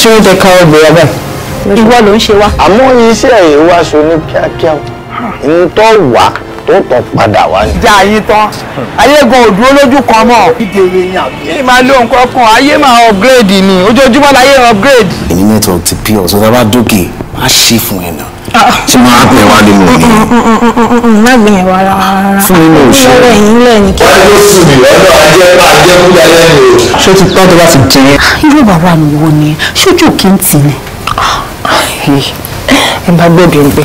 ṣe oúnjẹ kan obìnrin ọbẹ̀. ìwọ ló ń ṣe wá. àmọ́ iṣẹ́ ìwáṣọ ní kíákíá ń tọ́ wá tó tọ̀ padà wá ní. ìjà yín tán ayégun ò dúró lójú kan mọ́. ìdèrè yàn bí. èyí máa ló nǹkan kan ayé máa upgrade ni ojoojúmọ́ láyé upgrade. èmi network ti pure sọ́dọ̀ bá dókè má ṣe fún ẹ̀ náà tí wọ́n á wá nínú mi. Mm, mm, mm, má gbìyànjú ara rárá fún inú òṣèlú lọ́wọ́ ẹ̀yìn lẹ́yìn kí. wọ́n yóò sùn mí lọ́dọ̀ ajẹ́ bá jẹ́ kúlẹ̀ lẹ́nu ṣé o ti tọ́ bá ti jẹ. Ah, irú bàbá mi wo ni ṣojú kí n tì ní. ẹ bá gbọ́dọ̀ ń gbé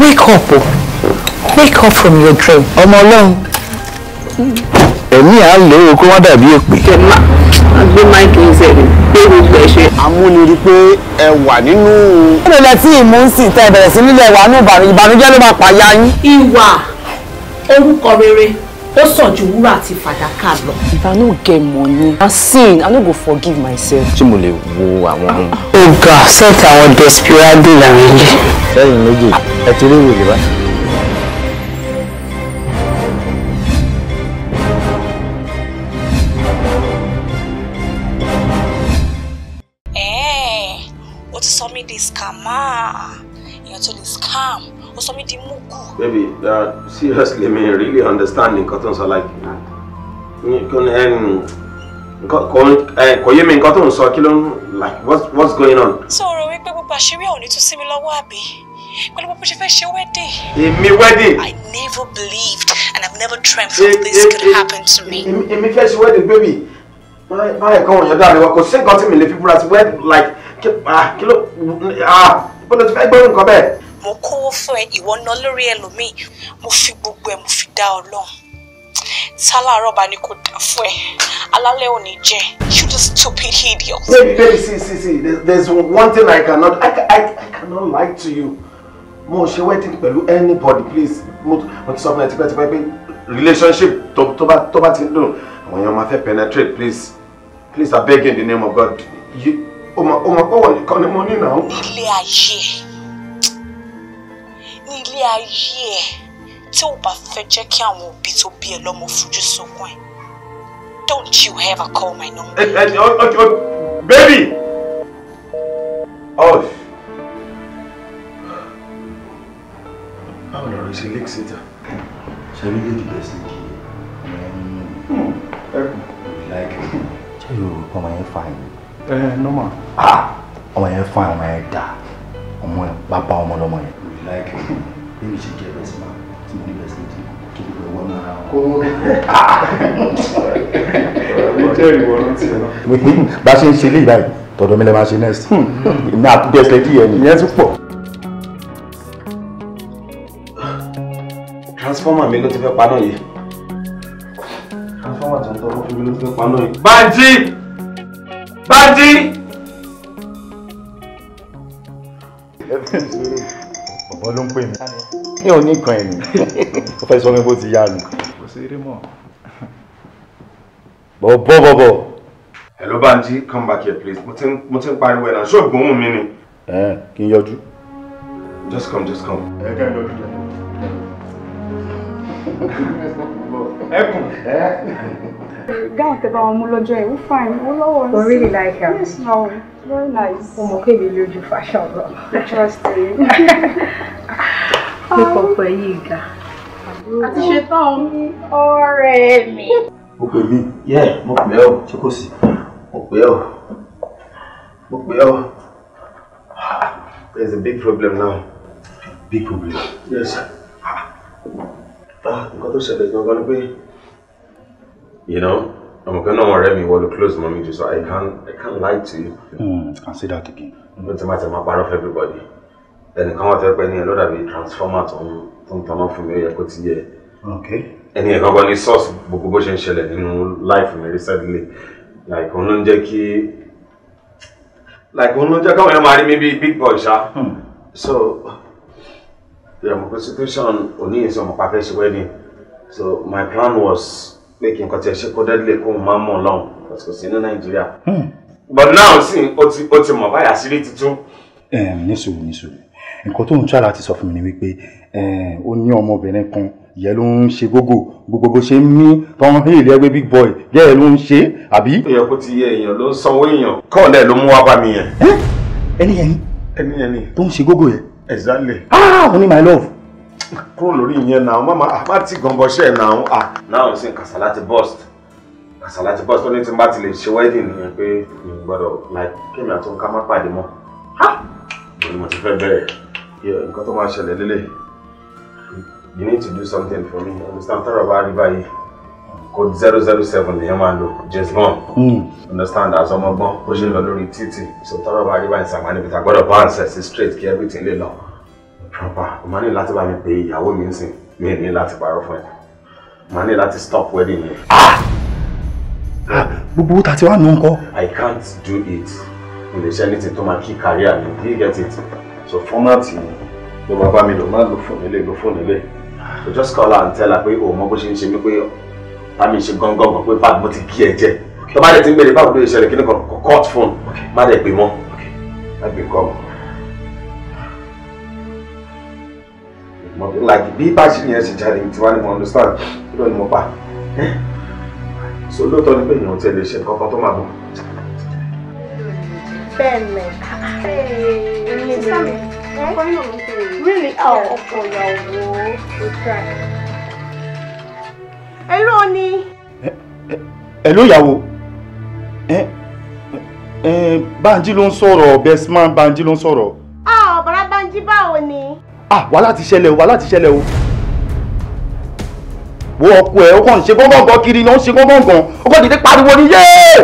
wake up o wake up from your dream ọmọ ọlọ́run. ẹ̀mí à ń lò kó wọ́n dàbí èpè ló máa ń kí n ṣe pé gbogbo ẹ̀ ṣe. amúniri pé ẹ wà nínú. nínú ilẹ̀ tí ìmú ń sì tẹ́ bẹ̀rẹ̀ sí nílẹ̀ wà ní ìbànújẹ́ ló máa pààyà yín. ìwà orúkọ rere ó sàn ju wúrà àti fàdákà lọ. if i no get money na sin i no go forgive myself. ṣé mo lè wo àwọn. ọgá sẹ́ẹ̀tì àwọn desperado làwọn ilé. lẹ́yìn méjì ẹ ti rí ìwé rẹ̀ ham o sọ di mugu. baby uh, seriously mi really understanding. nǹkan tó ń sọ like eh, kò yé mi nǹkan tó ń sọ kí ló ń like what's, what's going on. sọ ọ̀rọ̀ wípé gbogbo àṣírí ọ̀hún ni tún sí mi lọ́wọ́ àbí pẹ̀lú bó ṣe fẹ́ ṣe wedding. èmi wedding. I never believed and I've never dreamt that this could happen to me. èmi fẹ́ ṣe wedding baby báyìí kan òyìnbó dáa ni wọn kò sí nǹkan tí mi lè fi búra sí wedding like ah, kí ló ah bó ló ti fẹ́ gbóhùn nǹkan bẹ́ẹ̀ mo kówó fún ẹ ìwọ ná lórí ẹlòmíì mo fi gbogbo ẹ mo fi dá Ọlọ́run tálàárọ̀ bá ní kò dá fún ẹ alálẹ̀ ò ní jẹ you the stupid idiot. babe babe see see see there's one thing i cannot i i, I cannot lie to you mo ṣe wedding pẹ̀lú anybody please mo ti sọ fún ẹ tipẹ́tipẹ́ pé relationship tó bá tó bá ti dùn àwọn èèyàn máa fẹ́ penetrate please please abeg in the name of God you o mọ̀ o mọ̀ pé wọ́n nìkan ni mo ní náà. ilé ayé ilé ayé ẹ tí ò bá fẹ́ jẹ́ kí àwọn òbí tó bí ẹ lọ́mọ fojú sunkún ẹ don't you ever call my number. ẹ ẹ ọ ọ ọ baby. ọ oh. báwo lọ̀rọ̀ ṣe lake sita. ṣe ní lady bẹ́ẹ̀ sí kí ẹ like ṣé yóò ọmọ yẹn fa yín. ẹ normal. Ah! ọmọ yẹn fa ọmọ yẹn dá ọmọ yẹn bá bá ọmọ lọmọ yẹn. like bí mi ṣe jẹ́ bẹ́ẹ̀ sí máa tí mo ní bẹ́ẹ̀ sí ti tó fi lọ wọnú ara wọn. mi jẹ́ ìwọ ló ti lọ. bá a ṣe ń ṣe ilé ìbáyìí tọ̀dọ̀ mi lè máa ṣe next. mi àtúndé ẹsẹ̀ díẹ̀ ni. ìyẹn tún pọ̀. transformer mi ló ti fẹ́ paná yìí. transformer tó ń tọ́ fún mi ló ti fẹ́ paná yìí. Bánjí! Bánjí! wọ́n ló ń pè mí. mi ò ní kan ẹ̀mí ó fẹ́ sọ mi bó ti yá mi. kò sí eré mọ́. bọ̀ bọ̀ bọ̀ bọ̀. hello Banji come back here please mo ti ń pariwo ẹ̀ náà ṣó ìgbóhùn mi ni. ẹ kí n yọjú. just come just come. ẹ kẹ́ ẹ yọjú jẹ. ẹkùn. gáwọn tẹ bá wọn mú lọ́jọ́ ẹ̀ ó fà yín ó lọ́wọ́. I really like her. Um, yes no very nice. ọmọ kébì lójú fashion lọ. trust me. ní pọpọ yìí ga. àti ṣetán ọ̀rẹ́ mi. me. pè mí yẹ mo pè ọ ṣé kò sí mo pè ọ mo pè ọ there is a big problem now big problem. yes sir. Ah, nǹkan tó ṣẹlẹ̀ gan-an ni pé you know. I'm gonna náà wọn rẹ mi close mọ mi so i can't. i can't lie to you. Mm, I can say that again. mo ti máa ti máa parọ́ fún everybody Then come out here, ní ẹ ló dàbí transformer tó ń tó ń tanná fún here. Okay. yẹ kó ti is ẹni ẹ̀kan kan ní source gbogbo bó ṣe ń ṣẹlẹ̀ life mi recently like òun ló ń like òun ló ń jẹ́ káwọn yẹn máa big boy ṣá. Hmm. so yẹ mo constitution òní ìsọmọpá fẹ́ ṣe wedding so my plan was pé kí nǹkan tí ẹ ṣe kó dẹ́dílé kó máa mọ̀ lọ́hùn kò sí ní nàìjíríà. Hmm. but now sì ó ti mọ̀ báyà sílé tuntun. ní sùúrù ní sùúrù nǹkan tó ń ṣára ti sọ fún mi ni wípé ó ní ọmọbìnrin kan yẹ ló ń ṣe gógó gbogbo bó ṣe ń mí tọ́wọ́n hìlì ẹgbẹ́ big boy yẹ ló ń ṣe àbí. èèyàn kò ti yẹ èèyàn ló ń sanwó èèyàn kọ́ọ̀lẹ́ ló mú wá bá mi yẹn. ẹni yẹn ni ẹni yẹn ni tó ń ṣe gógó yẹn. exactly. ah ó my love kúrò lórí ìyẹn náà mama má ti gànbọ ṣe náà à náà ń sìn kàṣálà ti burst kàṣálà ti burst ó ní tí n bá ti lè ṣe wedding nìyẹn pé mi gbọ́dọ̀ like kémi àti òun ká má pàdé mọ́ ni mo ti fẹ́ bẹ̀rẹ̀ nǹkan tó máa ṣẹlẹ̀ lélẹ̀ you need to do something for me understand tọrọ bá rí báyìí code zero zero seven nìyẹn máa lò james bond hmm. understand as ọmọ gbọ́n ó ṣe lọ lórí títì so tọrọ bá rí báyìí sàmánì a gbọ́dọ̀ bounce ẹ̀ sí straight kí everything lè lọ proper o máa ní láti bá mi pe ìyàwó mi nsìn mi ní láti parọ́ fún ẹ o máa ní láti stop wedding ah! ah, gbogbo ta ti wá nù ńkọ́. I can't do it mo lè ṣe anything to máa kí career mi do you get it so format yìí ló máa bá mi lò má lo fóònù ilé lo fóònù ilé so just call her and tell her pé òun mọ bó ṣe ń ṣe mí pé bá mi ṣe gángan pé bá mo ti kí ẹ jẹ tó bá dẹ̀ ti ń gbèrè báwo ló ṣe ṣẹlẹ̀ kí ni kò court phone má dẹ̀ pè mọ́ má gbé kọ́ mọ́. like bí passion yẹn ṣe jáde tí wàá ní mo understand kí ló ní mo pa eh? so lóòótọ́ ni pé èèyàn ti lè ṣe nǹkan kan tó máa bọ̀. bẹ́ẹ̀ni eh? really oh. ọkọ ìyàwó ó try. ẹ ló ní. ẹ ló yàwó Banji ló ń sọ̀rọ̀ bestman Banji ló ń sọ̀rọ̀. ọ̀ ah, bọ̀dá Banji báwo ni ah wàhálà ti ṣẹlẹ̀ o wàhálà ti ṣẹlẹ̀ o wo ọkọ ẹ ọkọ ń ṣe gángan kiri ni ó ń ṣe gángan gan ọkọ dìde pariwo ni yéé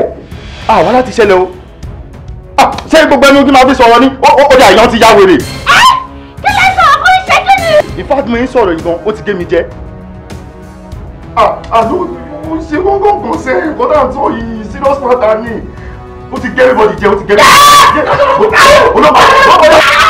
ah wàhálà ti ṣẹlẹ̀ o ah ṣé gbogbo ẹni ojú máa fi sọ̀rọ̀ ni ó dà ìyàn ti ya wèrè. kí lè sọ ọkọ iṣẹ́ kí ni. ìfádùn yín sọ̀rọ̀ yìí gan ó ti gé mi jẹ. àló ah, ó ah, ń ṣe gángan gan ṣe nǹkan tá à ń sọ yìí serious matter ni ó ti gé everybody jẹ ó ti gé everybody jẹ olóògbé olóògbé.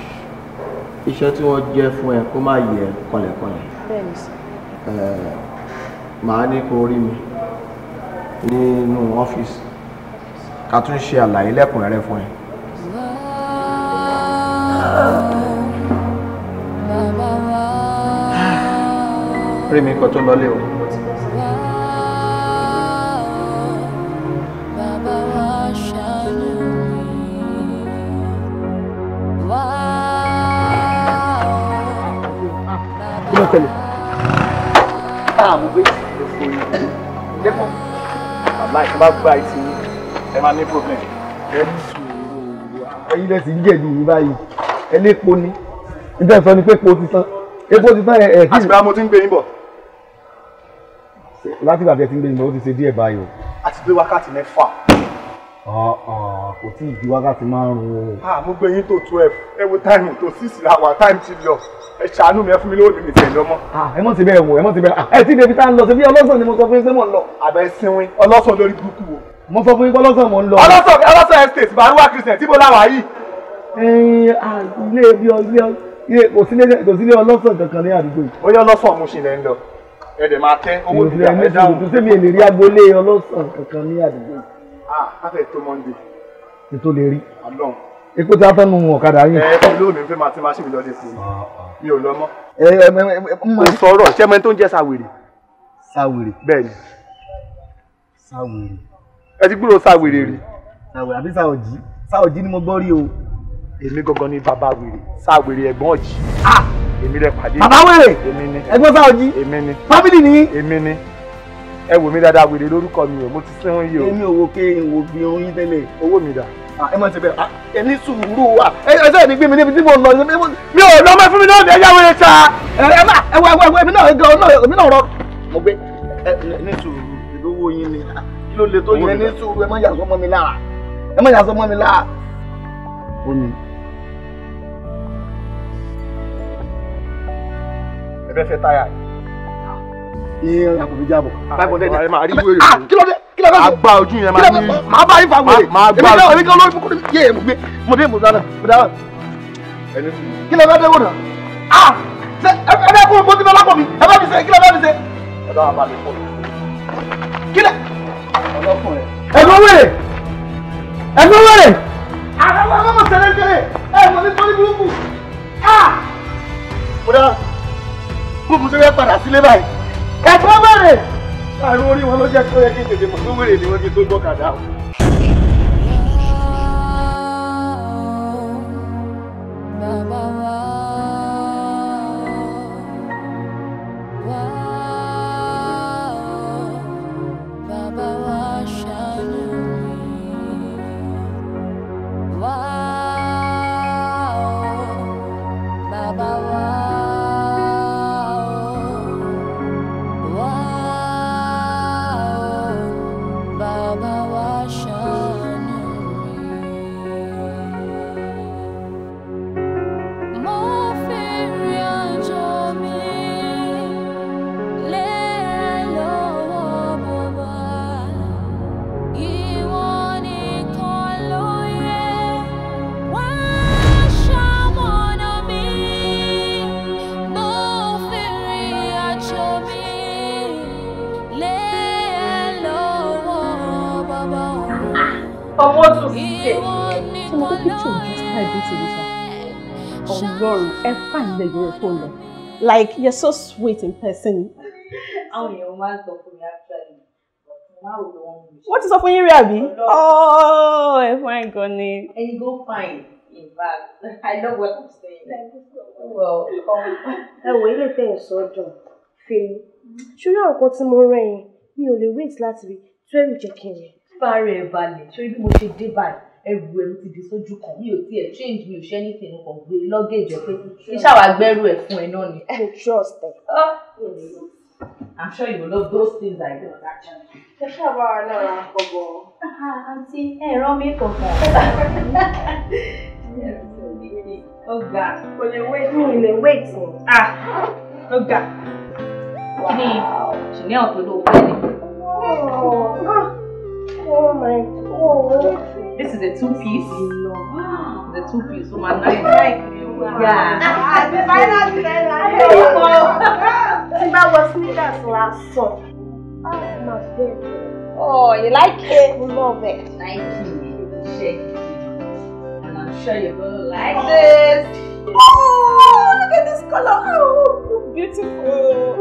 iṣẹ́ tí wọ́n jẹ́ fún ẹ kó má yẹ kọlẹ̀kọlẹ̀ màá ní kó rí mi nínú ọ́fíìsì ká tún ṣe àlàyé lẹ́kùnrẹ́rẹ́ fún ẹ. rí mi kó tó lọlé o. ṣẹlẹ̀. táàmù bẹ́ẹ̀ ló fò yín lẹ́kọ̀ọ́ bàbá ìṣe bá gba ìṣe yín ẹ máa ní problem. ẹ ní sùúrù ẹyin lẹ sì ń jẹ̀bi yín báyìí ẹ lépo ni níta sọ ni pé epo ti tán epo ti tán ẹ ẹ kí. àtìgbà mo ti ń gbé yín bọ̀. láti ìgbà tí ẹ ti ń gbé yín bọ̀ ó ti ṣe díẹ̀ báyìí o. àti wákàtí mẹ́fà. Ah, ah, kò tí ì di wákàtí márùn-ún o. Ah, mo gbé yín tó twelve ẹ wo táìmù tó six la wà táìmù ti lọ ẹ ṣàánú mi ẹ fún mi lóòdù mi tẹ̀lé ọmọ. ẹ mọ̀ sí bẹ́ẹ̀ wò ẹ mọ̀ sí bẹ́ẹ̀ ẹ ti débi tá a ń lọ sí bí ọlọ́sàn ni mo sọ fún yín pé mò ń lọ. àbẹ sinwin ọlọ́sàn lórí burúkú o. mo sọ fún yín pé ọlọ́sàn mò ń lọ. ọlọ́sàn ọlọ́sàn estate baruwa christian tí mo láwàá yìí. ilé ibi ilé kò sílé ọlọ́sàn kankan ní àdúgbò yìí. ó yẹ ọlọ́sàn mo ṣì lẹ́ ń lọ ẹ dẹ̀ máa tẹ́ owó ìdílé ẹ dáhùn káfẹ́ ah, tó mọ́ndé. ètò lè rí. ọlọ́run. epo tí a fẹ́ nu ọ̀kadà yín. ẹ ẹ lóòmí fẹ́ máa ti máa ṣèlú lọ́dẹ sí mi ò lọ mọ́. ẹ ẹ ẹ mo sọ̀rọ̀ ṣé ẹmẹ tó ń jẹ́ sáwèrè. sáwèrè. bẹ́ẹ̀ ni. sáwèrè. ẹ ti gbúrò sáwèrè rí. sáwèrè àbí sáwòjì sáwòjì ni mo gbọ́ rí o. èmi gangan ni bàbá wèrè sáwèrè ẹ̀gbọ́n ọ̀jì. ah èmi rẹ pàdé. bàbá wèrè. èmi ni. ẹ̀gbọ́n sáwòjì. èmi ni. fámìlì ni. èmi ni ẹ wò mí dáadáa wèrè lórúkọ mi o mo ti sẹ́wọ́n yìí o. èmi ò wo pé n wo bí oyin tẹ́lẹ̀. owó mi dà. ẹ má ti bẹ ẹ ní sùúrù wa ẹ ẹ sẹ́yìn gbé mi níbi tí mo lọ mi ò lọ́mọ fún mi náà ní ẹ̀yà wẹ̀rẹ̀ ta ẹ má ẹ wọ ẹ wọ èmi náà gan èmi náà rọ. mo gbé ẹ ní sùúrù ìlówó yín ni kí ló lè tó yẹ ní sùúrù ẹ má yà sọmọ mi lára ẹ má yà sọmọ mi lára. ẹ bẹ fẹ táyà yìí ìyẹn àpòbí jábọ̀ ah, five hundred ah, naira ah, kí ló dé kí ló dé àgbà ojú yẹn máa ní máa bá yín fa wèrè èmi náà èmi kan lórí fúnkúrú yé èmi gbé mo dé mo dáná mo dáná kí ló dé dé wò náà ah ṣe ẹ ẹ bẹ kúrò bó ti bẹ lápò mi ẹ bá mi ṣe kí ló bá mi ṣe. ọ̀dọ́ àbá mi fọ́ kí lẹ. ẹ̀mú wèrè ẹ̀mú wèrè. àtàwọn ọmọ mọ̀ sẹ́lẹ̀ tẹ́lẹ̀ ẹ̀ mọ̀ ní sọ́ni burúkú. mo dá mo mú sẹ́lẹ̀ padà sílé báyìí ẹ̀kọ́ wẹ̀rẹ̀. àrùn orí wọn ló jẹ́ kí ó yẹ kí tètè mọ̀ tó ni wọ́n ti tó gbọ́kàdá Polo. Like, you're so sweet in person. What is up with you, Rabi? Oh, my goodness. And you go fine. In fact, I know what I'm saying. Thank you so much. Well, ẹ wò ilé tẹ̀ sọ dùn fèyí. ṣùgbọ́n ọ̀pọ̀ tí mo rẹ̀ yẹn mi ò lè wait láti rí twelve jẹ́ kí n yẹ. bá a rẹ̀ balẹ̀ ṣé bí mo ṣe dé báyìí ẹrù ẹrù ti di sójú kan mi ò tí ẹ change mi ò ṣe anything kan gbé luggage pé kí ṣàwà gbẹrù ẹ fún ẹ náà ni. i trust ẹ. Ah, i'm sure you will love those things i do actually. ṣe ṣàbá wa náà ra kọ̀bọ̀. Ah, àǹtí ẹ rán mi kọ̀ọ̀kan. ọ̀gá kò lè wait mi ì lè wait o. ọ̀gá. Ah, kí ni chanel tó ló wọlé. Oh, oh my God. This is a two-piece. Wow. The two-piece So my like you. Yeah. the final finally there. Timba was sneakers last summer. Oh, my favorite. Oh, you like it? Love it. Thank you. Shake it. And I'm sure you're going to like this. Oh, look at this color. Oh, beautiful.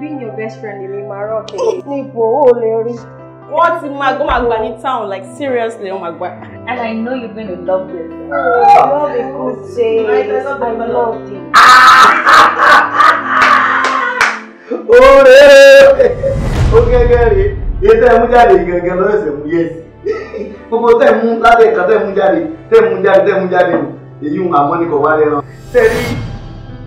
Being your best friend, you mean my rocket. Larry. What mag oh my god in town? Like seriously, oh my god. And I know you're going to love this. Oh, I love a good day. I love, a I love it. Oh, okay, Gary. Yes, I'm Gary. Gary, yes. Gbogbo tẹ̀ mú lábẹ́ ìkan tẹ̀ mú jáde tẹ̀ mú jáde tẹ̀ mú jáde èyí ń àmọ́ ní kò wálé rán. Tẹ́lí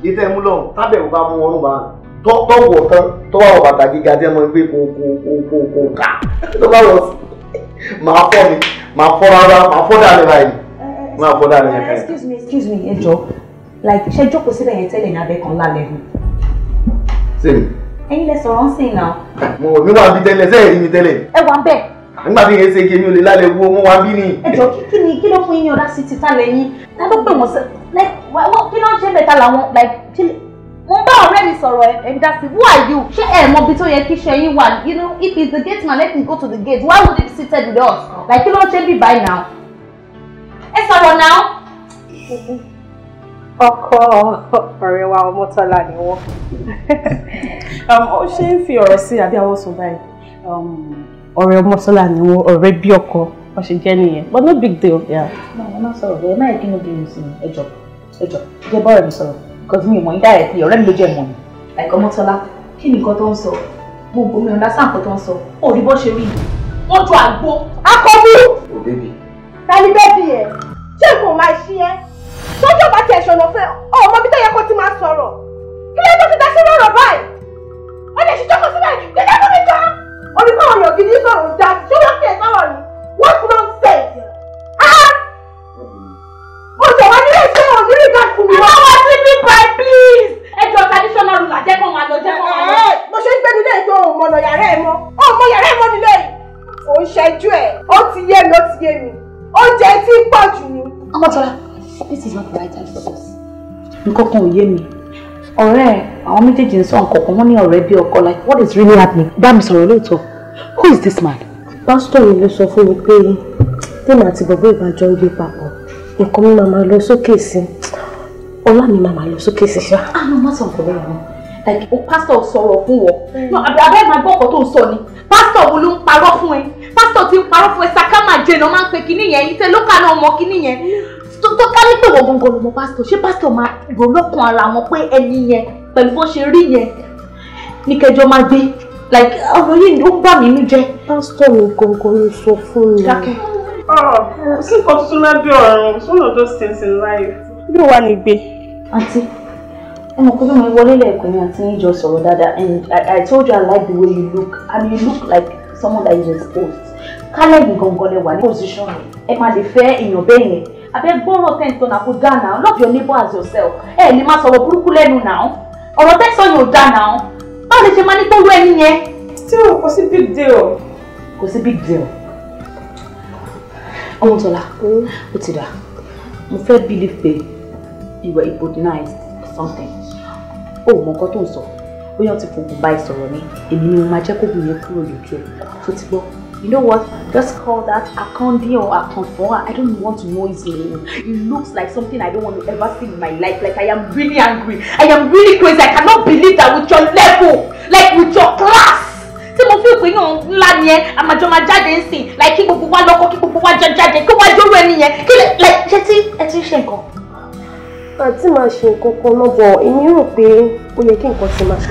ìtẹ̀ mú lọ́hùn tábẹ̀ ò bá mú ọrùn bá hàn tó wọ̀ tán tó wà wọ bàtà gíga tí ẹ mọ pé kò kò kò kò kò kà tó bá wọ màá fọ́ mi màá fọ́ rárá màá fọ́ dàlẹ́ báyìí màá fọ́ dàlẹ́ yẹn báyìí. excuse me excuse me ẹ like ṣe jókòó síbẹ̀ yẹn tẹ́lẹ̀ ní abẹ́ kan lálẹ́ mi. sèmi. ẹ̀yin lẹ sọ̀rọ̀ ń sìn náà. mo mi wà bí tẹ́lẹ̀ sẹ́yìn rí mi tẹ́lẹ̀. ẹ wà bẹ́ẹ̀ nígbà tí yẹn ṣe kí èmi ò lè lálẹ́ wo wọn wá bí ni. ẹjọ kí ni kí ló fún yín ní ọdá sí ti tálẹ yín tá ló pè wọn sẹ like kí ló ń ṣe mẹ́ta làwọn like mo bá ọ̀rẹ́ mi sọ̀rọ̀ ẹ̀dá sí who are you ṣé ẹ̀ mọ ibi tó yẹ kí ṣe yín wà you know if it's the gate man let me go to the gate why would he be seated with us like kí ló ń ṣe bí báyìí now ẹ sọ̀rọ̀ now. ọkọ ọ̀rẹ́ wa Ọmọ́tọ́lá ni wọ́n um, ó ṣe ń fi ọ̀rọ̀ sí àbí àwọn sùn báyìí um, ọ̀rẹ́ Ọmọ́tọ́lá ni wọ́n ọ̀rẹ́ bí ọkọ wọ́n ṣe jẹ́ nìyẹn but no big deal. màmá sọ̀rọ̀ bẹ́ẹ̀ máa kí n bí mi sí ẹjọ́ ẹjọ́ ìjọba ọ̀rẹ́ mi sọ̀rọ̀ cause mi ò mọ̀ yín directly ọ̀rẹ́ mi ló jẹ́ mọ̀ ni. àìkọ́ mọ́tọ́lá kí ni nǹkan tó ń sọ gbogbo mi ò dá sáǹkan tó ń sọ ò rí bó ṣe rí yìí wọ́n jọ àgbo. akọ́bí. ò bébì. tani bẹ́ẹ̀bì ẹ̀ ṣé kò máa ṣí ẹ́ tójú ọba ti ẹ̀ṣọ̀nà fẹ́ ọmọ bí tó yẹ kó ti máa sọ̀rọ̀ kí ló yẹ kó ti dá sí lọ́rọ̀ báyìí wọ́n lè ṣe jókòó sílẹ̀ kí lẹ́kọ̀ọ́ mi kan. orí fáwọn èèyàn gidi sọ̀rọ̀ ń da ṣé wọ́n fi ẹ̀ sọ̀rọ̀ ni báyìí please. ẹ jọ traditional ruler jẹ́ kó máa lọ jẹ́ kó máa lọ. mo ṣe ń gbẹ́nu lé ètò òmọ̀nà yàrá ẹ̀ mọ́ òmọ̀ yàrá ẹ̀ mọ́ nílé yìí. ò ń ṣẹ́jú ẹ̀ ó ti yé mi ó ti yé mi oúnjẹ tí pọ̀ jù ni. ọmọtọ́lá this is not the right time for this. nǹkan kan ò yé mi ọ̀rẹ́ àwọn méjèèjì ń sọ nǹkan kan wọ́n ní ọ̀rẹ́ bí ọkọ like what is really happening bá mi sọ̀rọ̀ lóòótọ́ who is this man. pásítọ̀ yìí ló sọ fún mi pé tèmi àti bọ̀bọ́ ìbàjọ́ ń gbé papọ̀ nǹkan mi màmá lọ sókè sí i ọlá mi máa máa lọ sókè sí ṣá. a ah, ló má sọ̀rọ̀ bẹ́ẹ̀ mọ́ like o pásítọ̀ sọ̀rọ̀ fún wọ abẹ́ máa gbọ́ ọ̀kọ́ tó ń so, ni pásítọ̀ wo ló ń parọ́ fún ẹ pásítọ̀ ti ń parọ́ fún ẹ sakama jẹ̀nà máa ń pe kinní yẹn yìí tẹ́ lókà náà mọ kinní yẹn tó tó ká nípè wọ gbọngàn lọmọ pásítọ̀ ṣé pásítọ̀ máa rò lọ́kàn ara wọn pé ẹni yẹn pẹ̀lú bó ṣe rí yẹn ní kẹjọ máa gbé like ọ̀rọ̀ yìí ó ń bà mí nínú jẹ́. pásítọ̀ mi gangan so, sọ fún mi. dákẹ́. ọ̀ ah, sí nǹkan tuntun lábẹ́ ọ̀run it's one of those things in life bí wàá ní gbé. àǹtí ẹ mọ̀ pé bí mo wọlé lẹ́ẹ̀kan yẹn àti yín jọ sọ̀rọ̀ dáadáa and I, I told you I like the way you look and you look like someone that is exposed kálẹ̀ yìí gangan lẹ wà ní position ẹ má lè fẹ́ èèyàn bẹ́ẹ̀ yẹn abẹ́ gbọ́rọ̀ tẹ̀sán náà kó dá náà love your neighbor as yourself ẹ lè má sọ̀rọ̀ burúkú lẹ́nu náà ọ̀rọ̀ tẹ̀sán yóò dá náà báwo lè ṣe máa ní tó wú ẹni yẹn. still kò sí big deal. kò sí big deal. ọmọ tọ́lá hmm? ó ti dà mo fẹ́ believe pé you were hypnotized or something o mọ nǹkan tó ń sọ bóyá ó ti fògùn bá ìsọ̀rọ̀ mi èmi ni mo máa jẹ́ kó gbìyànjú kúrò lójú ẹ̀ tó ti gbọ́ you know what just call that akande or akanfora i don't want to know his name it looks like something i don't want to ever see in my life like i am really angry i am really crazy i cannot believe that with your level like with your class tí mo fi ìpín yàn ńlá ni ẹ àmàjọ máa jáde ń sìn like kí gbogbo wa lọ́kọ́ kí gbogbo wa jọ jáde kí wọ́n á jọ́rú ẹni yẹn kí like ṣe tí ẹ ti ń ṣe nǹkan àǹtí máa ṣe nǹkan kan lọ́bọ̀ èmi rò pé ó yẹ kí nǹkan ti máa ṣe.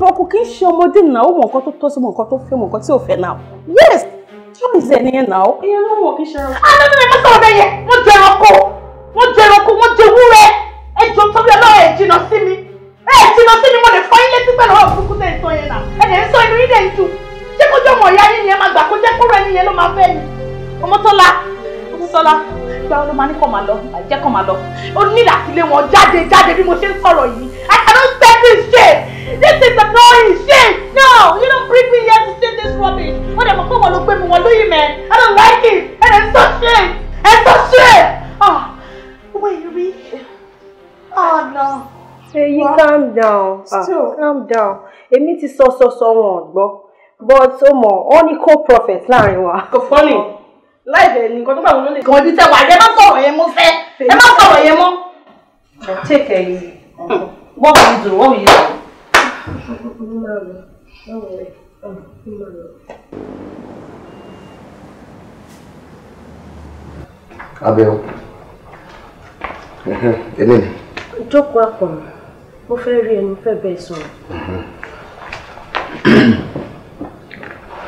bọ́kù kì í ṣe ọmọdé náà ó mọ nǹkan tó tọ́ sí mọ nǹkan tó fẹ́ mọ nǹkan tí ò fẹ́ náà yes choice ẹ̀ nìyẹn náà. ìyẹn ló mọ̀ kí ṣe ara. àná ah, mi máa sọ̀rọ̀ bẹ́ẹ̀ yẹn wọ́n jẹ ẹranko wọ́n jẹ ẹranko wọ́n jẹ wúrẹ́ ẹ jọ tóbi ọlọ́run ẹ̀ jìnnà sí mi ẹ̀ jìnnà sí mi mo lè fọyín létí pẹ̀lú ọ̀rọ̀ burúkú tẹ̀ sọ yẹn náà ẹ̀ lè sọ inú yín dẹ̀ ń dùn ṣé kójú ọmọ ìyá yín ni ẹ máa gbà kó jẹ́ kúrò ẹni yẹn ló máa fẹ́ sísọ́lá gba ọ ló máa ní kàn máa lọ àìjẹ́ kàn máa lọ ó ní láti lé wọn jáde jáde bí mo ṣe ń sọ̀rọ̀ yìí I cannot stand this shit this is annoying shit no you don't bring me here to say this rubbish wọ́n dẹ̀ mọ̀ pé wọ́n ló gbé mi wọ́n lóyún mẹ́ I don't like it ẹ̀ ẹ̀ sọ shit ẹ̀ sọ shit ah wait rí ah no. Eyi calm down, ah, calm down. Èmi ti sọ sọ sọ wọn gbọ́, but ó mọ̀, ó ní co-prophet láàrin wa. Kò fọ́nì láìpẹ́ ní nǹkan tó bá wọn ló lè. kàn tẹ wà ẹ má sọ̀rọ̀ yẹn mọ́ fẹ́ ẹ má sọ̀rọ̀ yẹn mọ́. take it easy what will you do what will you do. abẹ́wò ni. jókòó àpọ̀n mo fẹ́ rí ẹni fẹ́ bẹ́ẹ̀ sọ̀rọ̀.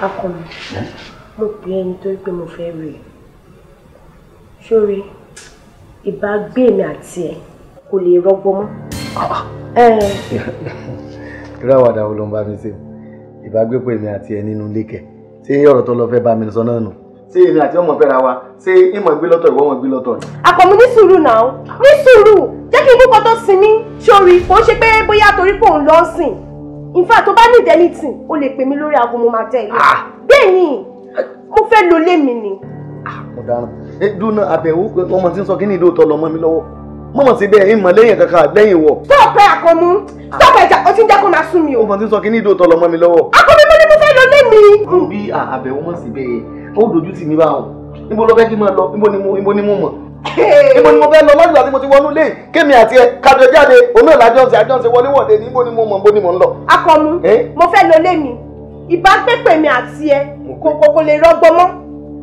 akọni. Mhm mo pè ẹni tó pé mo fẹ́ rè sórí ìbágbé mi àti ẹ kò lè rọgbọ mọ́. irú ah, àwàdà wo ló ń bá mi ṣe ìbágbépọ̀ èmi àti ẹ nínú ilé kẹ̀ ṣé ọ̀rọ̀ tó lọ fẹ́ bá mi sọ náà nù ṣé èmi àti ọmọ fẹ́ra wa ṣé ìmọ̀ gbé lọ́tọ̀ ìwọ ọmọ gbé lọ́tọ̀ ni. àpọ̀mù ní sùúrù náà ní sùúrù jẹ́ kí n kúkọ tó sinmi sórí kò ń ṣe pé bóyá torí pé òun lọ sìn in fact tó bá ní ìdẹ́nìtì o lè pè mí lórí aago mo máa tẹ̀ ẹ́ ah! bẹ́ẹ̀ ni mo fẹ́ lo lé mi ni. Ah, mo dáná dúnà àbẹ̀wò ọmọ tí ń sọ kíní ìdóòtọ́ lọ́mọ mi lọ́wọ́ mọ̀mọ́ sí bẹ́ẹ̀ ìmọ̀ lẹ́yìn kankan lẹ́yìn wọ̀. tọ́ọ̀pẹ́ àkọ́mú tọ́ọ̀pẹ́ ìjà ọtí ń jẹ́ kó máa sún mi o. ọmọ tí ń sọ kíní ìdóòtọ́ lọ́mọ mi lọ́wọ́. akọ́mi mi ní mo fẹ́ lo mi. mo bí àbẹ̀wò mọ̀ sí bẹ́ẹ̀ ó dojú tì mí báwọn níbo ló fẹ́ kí n máa lọ níbo ni mo mọ̀ níbo ni mo fẹ́ lọ lọ́dún àti mo ti wọnú lé kémi àti ẹ kájọ jáde omi ọ̀la jọ́sẹ̀ àjọsẹ̀ wọlé wọ̀de mo mọ̀ níbo ni mi ìbá pépè mi àti kò lè rọgbọ mọ́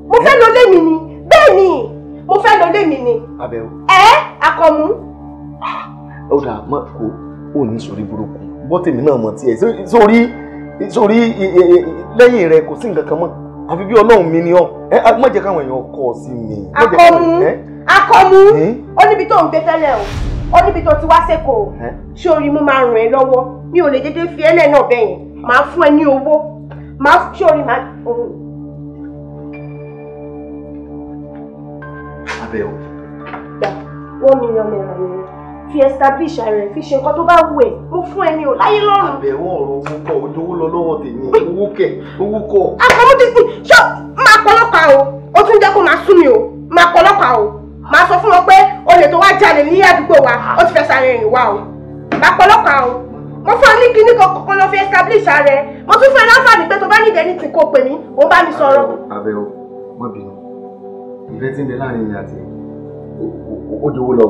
mo fẹ́ lọ lé mi ni bẹ́ẹ̀ ni mo fẹ́ lọ lé mi ni. abẹ́wò. ẹ akọmu. ó dáa má kó o ní sórí burúkú bọ́tẹ̀mí náà mọ̀ tiẹ̀ sórí sórí lẹ́yìn rẹ kò sí nǹkan kan mọ́ àfi bí ọlọ́run mi ni ọ ẹ má jẹ́ káwọn èèyàn kọ́ ọ sí mi. akọmu akọmu ó níbi tó ń gbé tẹ́lẹ̀ o ó níbi tó ti wá sẹ́kọ̀ọ́ ṣé orí mo máa ràn ẹ́ lọ́wọ́ mi ò lè dédé fi ẹ́lẹ̀ náà bẹ́yìn màá fún ẹ ní owó máa fi sórí máa òun. abẹ́ o. gbà one million naira yẹn fi establish ara ẹ fi ṣe nǹkan tó bá wù ẹ́ mo fún ẹ ní o láyé lọ́rùn. àbẹ̀wò ọ̀rọ̀ owó kọ ojúwó lọ lọ́wọ́ tèmi owó kẹ owó kọ. àpamọ́ títí ṣọ́ máa pọlọ́pàá o ó tún jẹ́ kó máa sún mi o máa pọlọ́pàá o máa sọ fún wọn pé olè tó wá jalè ní àdúgbò wa ó ti fẹ́ sáré rìn o máa pọlọ́pàá o mo fún ọ ní kinní kan kọ́kọ́ lọ fi establish ara ẹ mo tún fún ẹ láǹfààní pé tó bá nídìí ẹni tí kò pè mí ò ń bá mi sọ̀rọ̀. abẹ o mọ bínú ìfẹ́ tí ń bẹ láàrin ìyá àti ó dowó lọ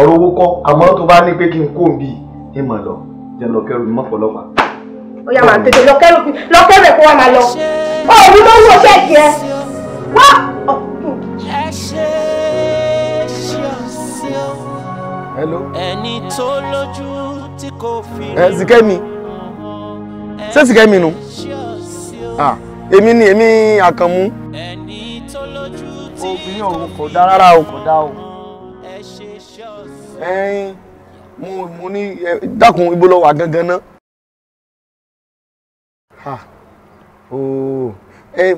ọ̀rọ̀ owó kọ́ àmọ́ tó bá ní pé kí n kó n bí i mọ̀ lọ jẹ́ lọ kẹ́rù mi mọ́pọ̀lọpàá. ó yá máa tètè lọ kẹ́rù lọ ẹ̀ kó wá máa lọ ó òun ló ń wọ ṣẹ́ẹ̀kì ẹ wá. Hmm. ẹni tó lójú ẹ Ṣìkẹ́mi ṣé Ṣìkẹ́mi nu èmi ni èmi àkànmú obìnrin òun kò dá rárá o kò dá o ẹyin mo ní dákun ibo ló wà gangan náà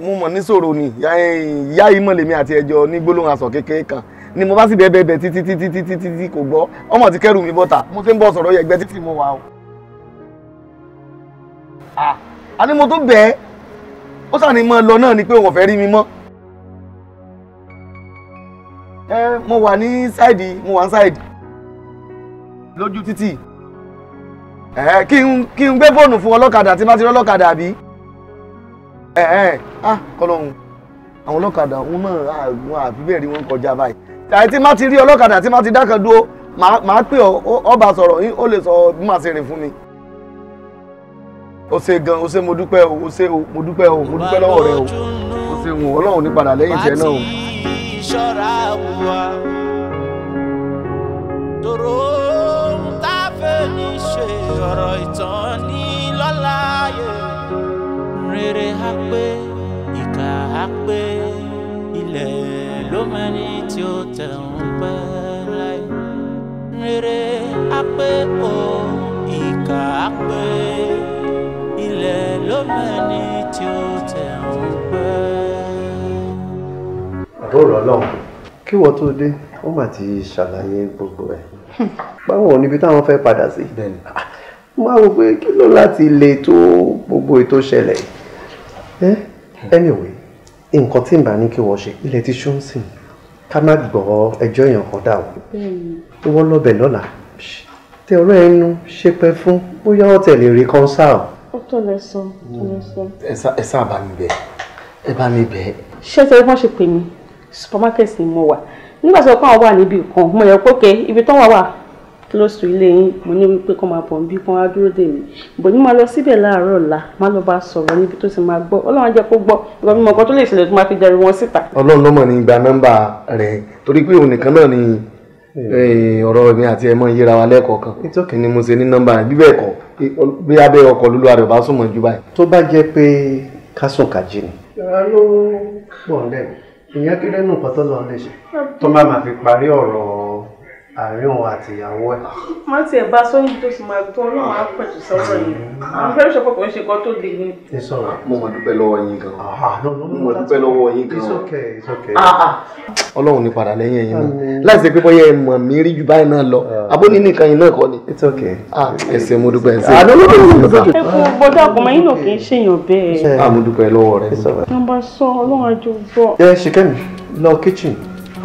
mo mọ̀ níṣòro ni ìyá ìmọ̀lẹ́mi àti ẹjọ́ ní gbólóhùn aṣọ kékeré kan ni mo bá sì bẹ́ẹ̀ bẹ́ẹ̀ títí títí títí títí kò gbọ́ ọmọ ti kẹ́rù mi bọ́ta mo ti ń bọ̀ sọ̀rọ̀ yẹ ẹgbẹ́ títí mo wà o. àní mo tó bẹ́ẹ̀ ó sàn ní mọ́ lọ náà ni pé òun ò fẹ́ rí mi mọ́. ẹ mo wà ní sáìdì mo wà ní sáìdì lójú títì ẹ kí n kí n gbé fóònù fún ọlọ́kadà tí bá ti rí ọlọ́kadà àbí ẹ ẹ ah kọlọ́hún àwọn ọlọ́kadà òun náà àgbọn àfi bẹ́ẹ̀ rí wọn kọjá báyìí àti má ti rí ọlọ́kadà àti má ti dákan dúró màá pè ọ ọba sọ̀rọ̀ ó lè sọ bí màá ṣe o ṣe gan o ṣe mo dúpẹ́ o mo dúpẹ́ o mo dúpẹ́ lọ́wọ́ rẹ o o ṣe wò ọlọ́run ní padà lẹ́yìn tiẹ̀ náà o. ìṣọ́ra tòró ní ilẹ̀ ló mẹ́ni tí ó tẹ̀wọ̀n pẹ́ láì. rere á pé o ìkà á pé ilẹ̀ ló mẹ́ni tí ó tẹ̀wọ̀n pẹ́. àbúrò ọlọ́run kí wọ́n tó dé wọ́n mà ti ṣàlàyé gbogbo ẹ̀ báwọn níbi táwọn fẹ́ padà sí ah, máa wò pé kí ló láti le tó gbogbo ètò ṣẹlẹ̀ eh, anyway nǹkan tí n bá ní kí wọ́n ṣe ilẹ̀ ti ṣó ń sìn ká má gbọ́ ẹjọ́ èèyàn kan dà o wọ́n lọ́bẹ̀ lọ́la tẹ ọ̀rọ̀ ẹnu ṣe pẹ́ fún bóyá wọ́n tẹ̀lé rí kọ́nsá o. ó tó lè sọ tó lè ẹ sáà bá mi bẹ̀ ẹ bá mi bẹ̀. ṣé ẹ tẹ́lẹ̀ bọ́n ṣe pè mí supermarket ni mo wà nígbà tí wọ́n kọ́ àwọn wà níbi kan mo yẹ kó ibi tó wà wà close to ilé yín mo ní wípé kọ́ máa pọ̀ bí kọ́ máa dúró dè mí bò ní máa lọ síbẹ̀ láàárọ̀ ọ̀la máa lọ bá sọ̀rọ̀ níbi tó ti máa gbọ́ ọlọ́run jẹ́ kó gbọ́ ìgbà mímọ kan tó lè ṣẹlẹ̀ tó máa fi jẹrìí wọn síta. ọlọ́run ló mọ̀ ní gba nọ́mbà rẹ̀ torí pé òun nìkan náà ni hmm. eh, ọ̀rọ̀ mi àti ẹ̀mọ́ yíra wa lẹ́ẹ̀kọ̀ọ̀kan ìtọ́kì ni mo ṣe ní nọ́mbà rẹ̀ bí bẹ́ẹ̀ bí abẹ́ ọkọ̀ lólu àrẹ̀ bá sùn ju báyìí. tó bá àárín òun àti ìyàwó ẹ̀. má tiẹ̀ bá sọ́yìn tó sì máa tó ọlọ́run á pẹ̀tù sọ́rọ̀ yìí àwọn fẹ́rẹ́ sọ pé kò ń ṣe nǹkan tó le ni. Ah, mo mọ̀ dúpẹ́ lọ́wọ́ yín gan. Ah, ah, mo mọ̀ dúpẹ́ lọ́wọ́ yín gan. ọlọ́run ní padà lẹ́yìn ẹ̀yìn náà láì ṣe pé bóyá ẹ mọ̀ mí rí ju báyìí náà lọ abó ní nìkan yìí náà kọ́ ni. ẹsẹ̀ mo dúpẹ́ ẹsẹ̀. ẹ bọ́dọ̀ àgbọ̀mọ̀ yín náà kì í ṣèyàn bẹ́ẹ̀. a mo dúpẹ́ lọ́wọ́ rẹ. nọ́mbà sọ ọlọ́run àjọ gbọ́. ẹ ṣe kẹ́mi lọ kíchìn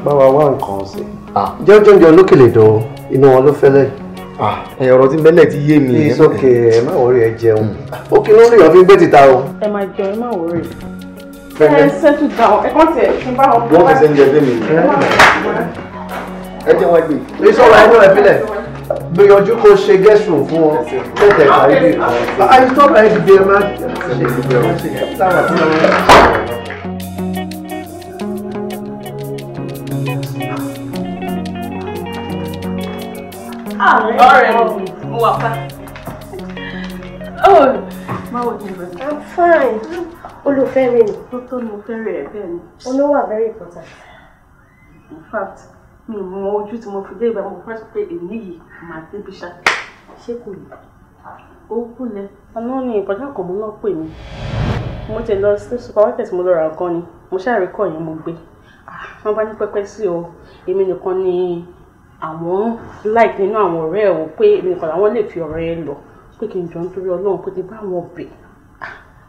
bá wa wá nǹkan ọ̀sẹ̀. Ah, jẹ́jọ́ jọ lókèlè dán inú wọn ló fẹ́lẹ́. Ah, ẹ̀yọ̀ ọ̀rọ̀ tí mẹ́lẹ̀ ti yé mi. it's okay ẹ má wọrí ẹ jẹun òkè hmm. ló ń rìn ọ̀fin gbé ti ta o. ẹ máa jẹun ẹ má wọrí. ẹ settle down ẹ kàn tiẹ̀ kí n bá wọn. wọ́n fẹsẹ̀ ń jẹ bẹ́ẹ̀ mi. ẹ jẹ́ wọn gbé. ìṣọ́ra ẹni ọ̀ ẹ fílẹ̀ gbìyànjú kó ṣe gẹ́sù fún ọ tẹ̀tẹ̀ kárí bí. àìsàn ẹ̀ dìde máa ṣe ọ̀rẹ́ mi i'm fine olùfẹ́ mi ni. tó tó ni mo fẹ́ rẹ̀ bẹ́ẹ̀ ni. olówó very important. in fact me, mọ ojú to my today dé my first fẹ́ in èmi yìí màá débi ṣá. ṣé Oh cool, ó kú lẹ. àná ni ìkọjá kan mo náà pè mí mo ti lọ sí supermarket mo lọ ra nǹkan ni mo ṣàrékọ yẹn mo gbé ah, wọn bá ní pẹpẹ sí àwọn like nínú àwọn ọ̀rẹ́ ẹ̀ o pé èmi nìkan làwọn lè fi ọ̀rẹ́ ẹ lọ pé kí n jọ nítorí ọlọ́run pé ti bá àwọn bẹ̀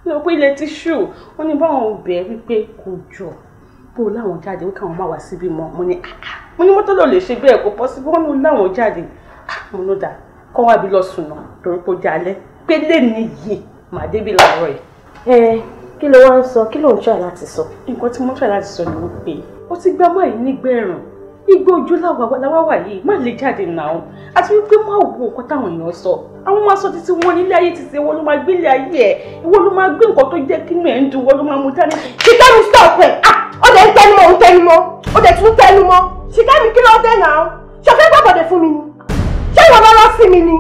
ní ah, o pé ilé tíṣù wọn ní báwọn bẹ̀ wípé kò jọ bó láwọn jáde ó káwọn má wá síbí mọ́ mo ní ah, ah. mo ní mọ́tò lò lè ṣe bẹ́ẹ̀ kó pọ́ sí wọ́n ní láwọn jáde mo ní dà kọ́ wá bí lọ sùn náà torí kó jalẹ́ pé lè ní yìí màá débi làárọ̀ yìí. ẹ kí ló wá ń sọ kí ló ń tọ́ láti sọ. nǹkan tí mo tọ́ láti sọ ni wọ́n pè é ó ti gbá igbó ojú làwa wà yìí má lè jáde náà àti wípé má wo nǹkan táwọn èèyàn sọ àwọn máa sọ títí wọn nílé ayé títí wọn ló máa gbé ilé ayé ẹ ìwọ ló máa gbé nǹkan tó jẹ kínú ẹ ń dùn wọn ló máa mú dání. ṣìkẹ́mi stop ẹ̀ ah! ó dẹ̀ ń tẹnumọ́ ń tẹnumọ́ ó dẹ̀ tún tẹnumọ́ ṣìkẹ́mi kí ló dé náà ṣọfẹ́ gbàgbọ́dẹ̀ fún mi ni ṣé ìwọ lọ́rọ́ sí mi ni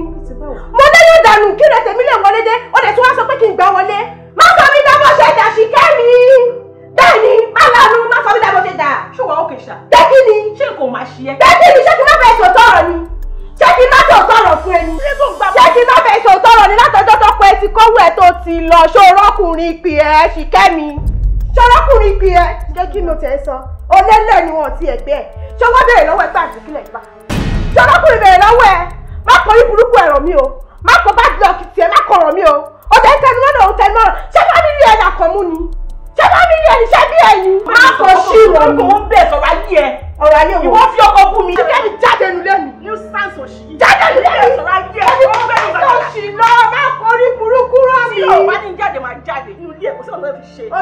mo dé yóò dànù kí rẹ̀ tèmi lè wọlé dé ó dẹ̀ tún wá sọ pé kí n gbà wọlé má sọ mi dábọ̀ ṣẹ̀dá ni má lanu má sọ mí dábọ̀ ṣe dà ṣé wàá òkè ṣá. pé kí ni ṣé kò máa ṣe ẹ. pé kí ni ṣé kí má bẹ̀ẹ́ sòótọ́ ọ̀rọ̀ ni ṣé kí má sòótọ́ ọ̀rọ̀ fún ẹni. ṣé kí má bẹ̀ẹ́ sòótọ́ ọ̀rọ̀ ni látọjọ́ tó pẹ́ ti kówó ẹ̀ tó ti lọ ṣòrọ́kùnrin ìpì ẹ̀ ṣìkẹ́mi ṣọlọ́kùnrin ìpì ẹ̀ gẹ́gí mo tẹ̀ sọ olélẹ̀ ni wọn ti ẹ̀gbẹ́ ẹ̀ ṣọwọ́ bèrè lọ́wọ́ ẹ̀ pé àtìkílẹ̀ gbà ṣọlọ́kùnrin bèrè lọ́wọ́ ẹ̀ má kọ orí burúkú ẹ̀rọ mi o má kọ bá dìlọ́ọ̀kì tiẹ̀ o ọ̀dẹ̀ tẹnumọ́nà òun tẹnumọ́nà ṣẹlá mi yẹ iṣẹ́ bí ẹ̀yìn. má kọ sí ìwọ kò ń bẹ̀ sọ̀rọ̀ ayé ẹ. ọ̀rọ̀ ayé wo ìwọ fi ọkọ bú mi. ṣẹlá mi jáde nu lẹ́nu. new sans òṣì. jáde nu lẹ́nu ẹni bẹ́ẹ̀ ni sọ̀rọ̀ òṣì lọ má kọrí burúkú rán mi. tí ọ̀wá ní jáde máa jáde inú ilé ẹ̀kọ́ sí fi ṣe. o